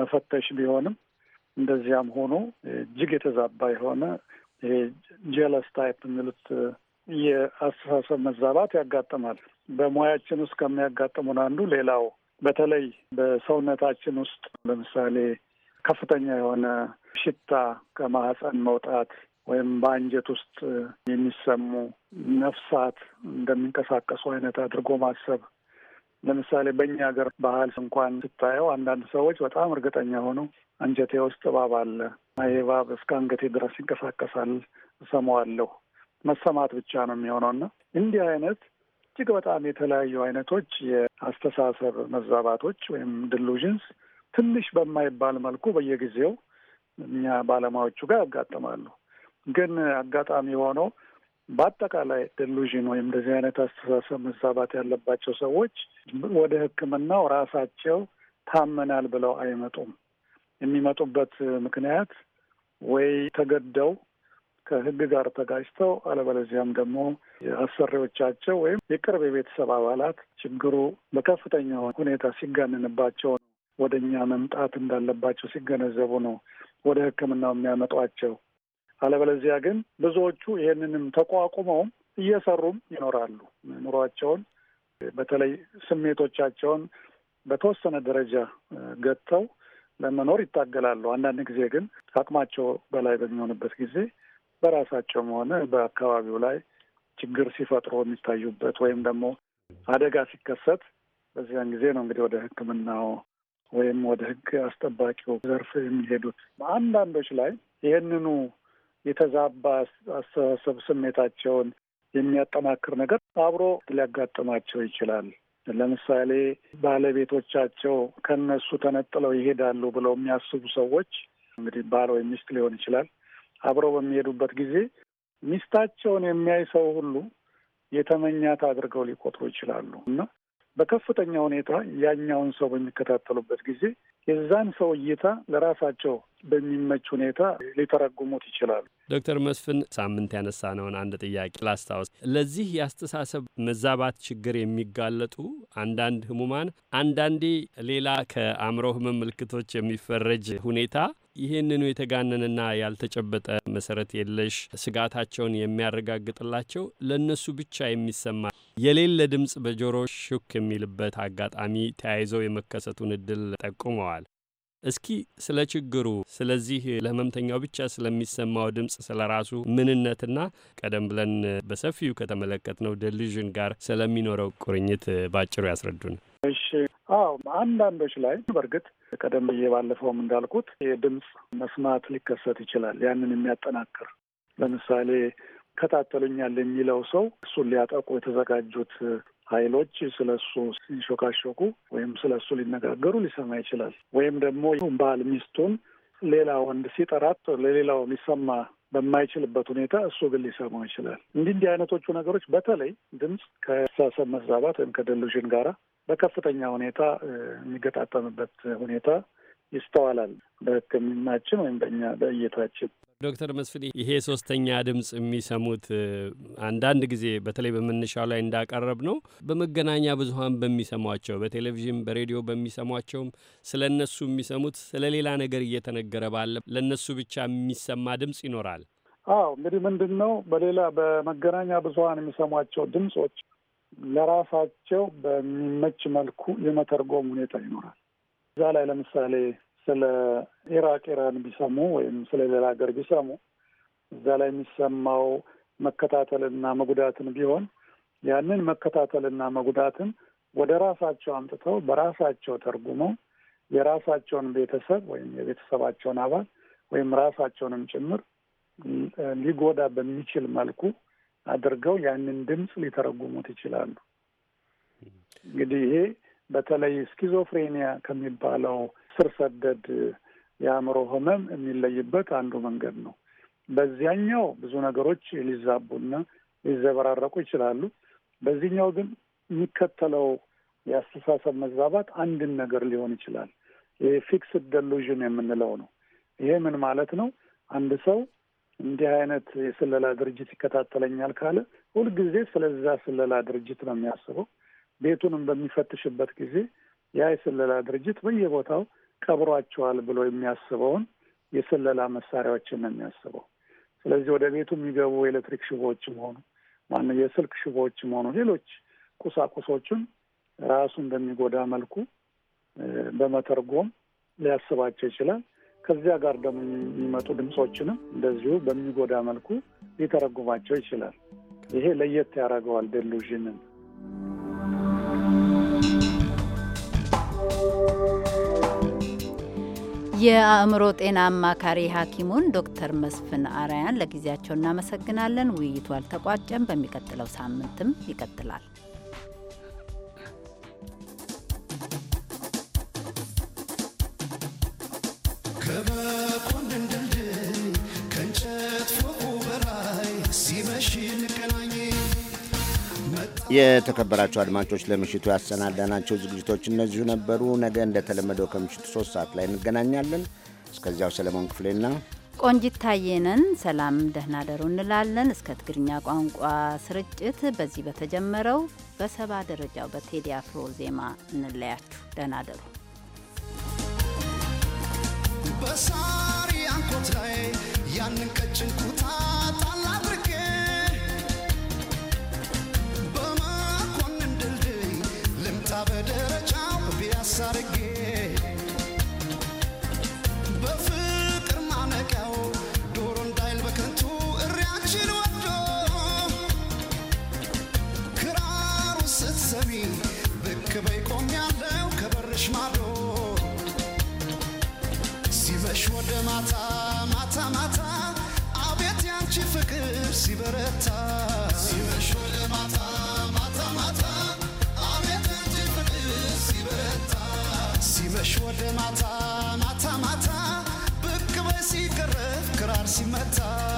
መፈተሽ ቢሆንም እንደዚያም ሆኖ እጅግ የተዛባ የሆነ ጀለስ ታይፕ የሚሉት የአስተሳሰብ መዛባት ያጋጥማል። በሙያችን ውስጥ ከሚያጋጥሙን አንዱ ሌላው በተለይ በሰውነታችን ውስጥ ለምሳሌ ከፍተኛ የሆነ ሽታ ከማህፀን መውጣት ወይም በአንጀት ውስጥ የሚሰሙ ነፍሳት እንደሚንቀሳቀሱ አይነት አድርጎ ማሰብ። ለምሳሌ በእኛ ሀገር ባህል እንኳን ስታየው አንዳንድ ሰዎች በጣም እርግጠኛ ሆነው አንጀቴ ውስጥ እባብ አለ፣ ይሄ እባብ እስከ አንገቴ ድረስ ይንቀሳቀሳል፣ እሰማዋለሁ። መሰማት ብቻ ነው የሚሆነው እና እንዲህ አይነት እጅግ በጣም የተለያዩ አይነቶች የአስተሳሰብ መዛባቶች ወይም ድሉዥንስ ትንሽ በማይባል መልኩ በየጊዜው እኛ ባለሙያዎቹ ጋር ያጋጥማሉ። ግን አጋጣሚ ሆኖ በአጠቃላይ ዴሉዥን ወይም እንደዚህ አይነት አስተሳሰብ መዛባት ያለባቸው ሰዎች ወደ ሕክምናው ራሳቸው ታመናል ብለው አይመጡም። የሚመጡበት ምክንያት ወይ ተገደው ከህግ ጋር ተጋጭተው አለበለዚያም ደግሞ የአሰሪዎቻቸው ወይም የቅርብ የቤተሰብ አባላት ችግሩ በከፍተኛ ሁኔታ ሲጋንንባቸው ወደ እኛ መምጣት እንዳለባቸው ሲገነዘቡ ነው ወደ ህክምናው የሚያመጧቸው። አለበለዚያ ግን ብዙዎቹ ይህንንም ተቋቁመውም እየሰሩም ይኖራሉ። ኑሯቸውን በተለይ ስሜቶቻቸውን በተወሰነ ደረጃ ገጥተው ለመኖር ይታገላሉ። አንዳንድ ጊዜ ግን አቅማቸው በላይ በሚሆንበት ጊዜ በራሳቸውም ሆነ በአካባቢው ላይ ችግር ሲፈጥሮ የሚታዩበት ወይም ደግሞ አደጋ ሲከሰት በዚያን ጊዜ ነው እንግዲህ ወደ ሕክምናው ወይም ወደ ሕግ አስጠባቂው ዘርፍ የሚሄዱት። አንዳንዶች ላይ ይህንኑ የተዛባ አስተሳሰብ ስሜታቸውን የሚያጠናክር ነገር አብሮ ሊያጋጥማቸው ይችላል። ለምሳሌ ባለቤቶቻቸው ከነሱ ተነጥለው ይሄዳሉ ብለው የሚያስቡ ሰዎች እንግዲህ ባል ሚስት ሊሆን ይችላል። አብረው በሚሄዱበት ጊዜ ሚስታቸውን የሚያይ ሰው ሁሉ የተመኛት አድርገው ሊቆጥሩ ይችላሉ እና በከፍተኛ ሁኔታ ያኛውን ሰው በሚከታተሉበት ጊዜ የዛን ሰው እይታ ለራሳቸው በሚመች ሁኔታ ሊተረጉሙት ይችላሉ። ዶክተር መስፍን ሳምንት ያነሳነውን አንድ ጥያቄ ላስታውስ። ለዚህ የአስተሳሰብ መዛባት ችግር የሚጋለጡ አንዳንድ ህሙማን አንዳንዴ ሌላ ከአእምሮ ህመም ምልክቶች የሚፈረጅ ሁኔታ ይህንኑ የተጋነንና ያልተጨበጠ መሰረት የለሽ ስጋታቸውን የሚያረጋግጥላቸው ለእነሱ ብቻ የሚሰማ የሌለ ድምፅ በጆሮ ሹክ የሚልበት አጋጣሚ ተያይዘው የመከሰቱን እድል ጠቁመዋል። እስኪ ስለ ችግሩ ስለዚህ ለህመምተኛው ብቻ ስለሚሰማው ድምፅ ስለ ራሱ ምንነትና ቀደም ብለን በሰፊው ከተመለከትነው ደልዥን ጋር ስለሚኖረው ቁርኝት ባጭሩ ያስረዱን። እሺ። አዎ አንዳንዶች ላይ በእርግጥ ቀደም ብዬ ባለፈውም እንዳልኩት የድምፅ መስማት ሊከሰት ይችላል። ያንን የሚያጠናክር ለምሳሌ ይከታተሉኛል የሚለው ሰው እሱን ሊያጠቁ የተዘጋጁት ኃይሎች ስለ እሱ ሲሾካሾኩ ወይም ስለ እሱ ሊነጋገሩ ሊሰማ ይችላል። ወይም ደግሞ ባል ሚስቱን ሌላ ወንድ ሲጠራት ለሌላው ሊሰማ በማይችልበት ሁኔታ እሱ ግን ሊሰማው ይችላል። እንዲህ እንዲህ አይነቶቹ ነገሮች በተለይ ድምፅ ከሳሰብ መዛባት ወይም ከደሉዥን ጋራ በከፍተኛ ሁኔታ የሚገጣጠምበት ሁኔታ ይስተዋላል። በህክምናችን ወይም በእኛ በእይታችን ዶክተር መስፍን ይሄ ሶስተኛ ድምፅ የሚሰሙት አንዳንድ ጊዜ በተለይ በመነሻው ላይ እንዳቀረብ ነው በመገናኛ ብዙኃን በሚሰሟቸው በቴሌቪዥን በሬዲዮ በሚሰሟቸውም ስለ እነሱ የሚሰሙት ስለ ሌላ ነገር እየተነገረ ባለ ለእነሱ ብቻ የሚሰማ ድምፅ ይኖራል። አዎ እንግዲህ ምንድን ነው በሌላ በመገናኛ ብዙኃን የሚሰሟቸው ድምፆች ለራሳቸው በሚመች መልኩ የመተርጎም ሁኔታ ይኖራል። እዛ ላይ ለምሳሌ ስለ ኢራቅ ኢራን ቢሰሙ ወይም ስለ ሌላ ሀገር ቢሰሙ እዛ ላይ የሚሰማው መከታተልና መጉዳትን ቢሆን ያንን መከታተልና መጉዳትን ወደ ራሳቸው አምጥተው በራሳቸው ተርጉመው የራሳቸውን ቤተሰብ ወይም የቤተሰባቸውን አባል ወይም ራሳቸውንም ጭምር ሊጎዳ በሚችል መልኩ አድርገው ያንን ድምፅ ሊተረጉሙት ይችላሉ። እንግዲህ ይሄ በተለይ ስኪዞፍሬኒያ ከሚባለው ስር ሰደድ የአእምሮ ህመም የሚለይበት አንዱ መንገድ ነው። በዚያኛው ብዙ ነገሮች ሊዛቡና ሊዘበራረቁ ይችላሉ። በዚህኛው ግን የሚከተለው የአስተሳሰብ መዛባት አንድን ነገር ሊሆን ይችላል። ይሄ ፊክስድ ደሉዥን የምንለው ነው። ይሄ ምን ማለት ነው? አንድ ሰው እንዲህ አይነት የስለላ ድርጅት ይከታተለኛል ካለ ሁልጊዜ ስለዛ ስለላ ድርጅት ነው የሚያስበው። ቤቱንም በሚፈትሽበት ጊዜ ያ የስለላ ድርጅት በየቦታው ቀብሯቸዋል ብሎ የሚያስበውን የስለላ መሳሪያዎችን ነው የሚያስበው። ስለዚህ ወደ ቤቱ የሚገቡ ኤሌክትሪክ ሽቦዎችም ሆኑ ማን የስልክ ሽቦዎችም ሆኑ ሌሎች ቁሳቁሶችን ራሱ እንደሚጎዳ መልኩ በመተርጎም ሊያስባቸው ይችላል። ከዚያ ጋር ደግሞ የሚመጡ ድምፆችንም እንደዚሁ በሚጎዳ መልኩ ሊተረጉማቸው ይችላል። ይሄ ለየት ያደርገዋል ዴሉዥንን። የአእምሮ ጤና አማካሪ ሐኪሙን ዶክተር መስፍን አራያን ለጊዜያቸው እናመሰግናለን። ውይይቱ አልተቋጨም። በሚቀጥለው ሳምንትም ይቀጥላል። የተከበራቸው አድማጮች ለምሽቱ ያሰናዳናቸው ዝግጅቶች እነዚሁ ነበሩ። ነገ እንደተለመደው ከምሽቱ ሶስት ሰዓት ላይ እንገናኛለን። እስከዚያው ሰለሞን ክፍሌና ቆንጂት ታየንን ሰላም ደህና ደሩ እንላለን። እስከ ትግርኛ ቋንቋ ስርጭት በዚህ በተጀመረው በሰባ ደረጃው በቴዲ አፍሮ ዜማ እንለያችሁ። ደህና ደሩ በሳሪ አንኮት ላይ ያንን ቀጭን ኩታ አርጌ በፍቅር ማነቀው ዶሮ እንዳይል በከንቱ እሪያችን ወዶ ክራሩ ስትሰሚ ብክ በይ ቆም ያለው ከበርሽ ማዶ ሲመሽ ወደ ማታ ማታ ማታ አቤት ያንቺ ፍቅር ሲበረታ si matale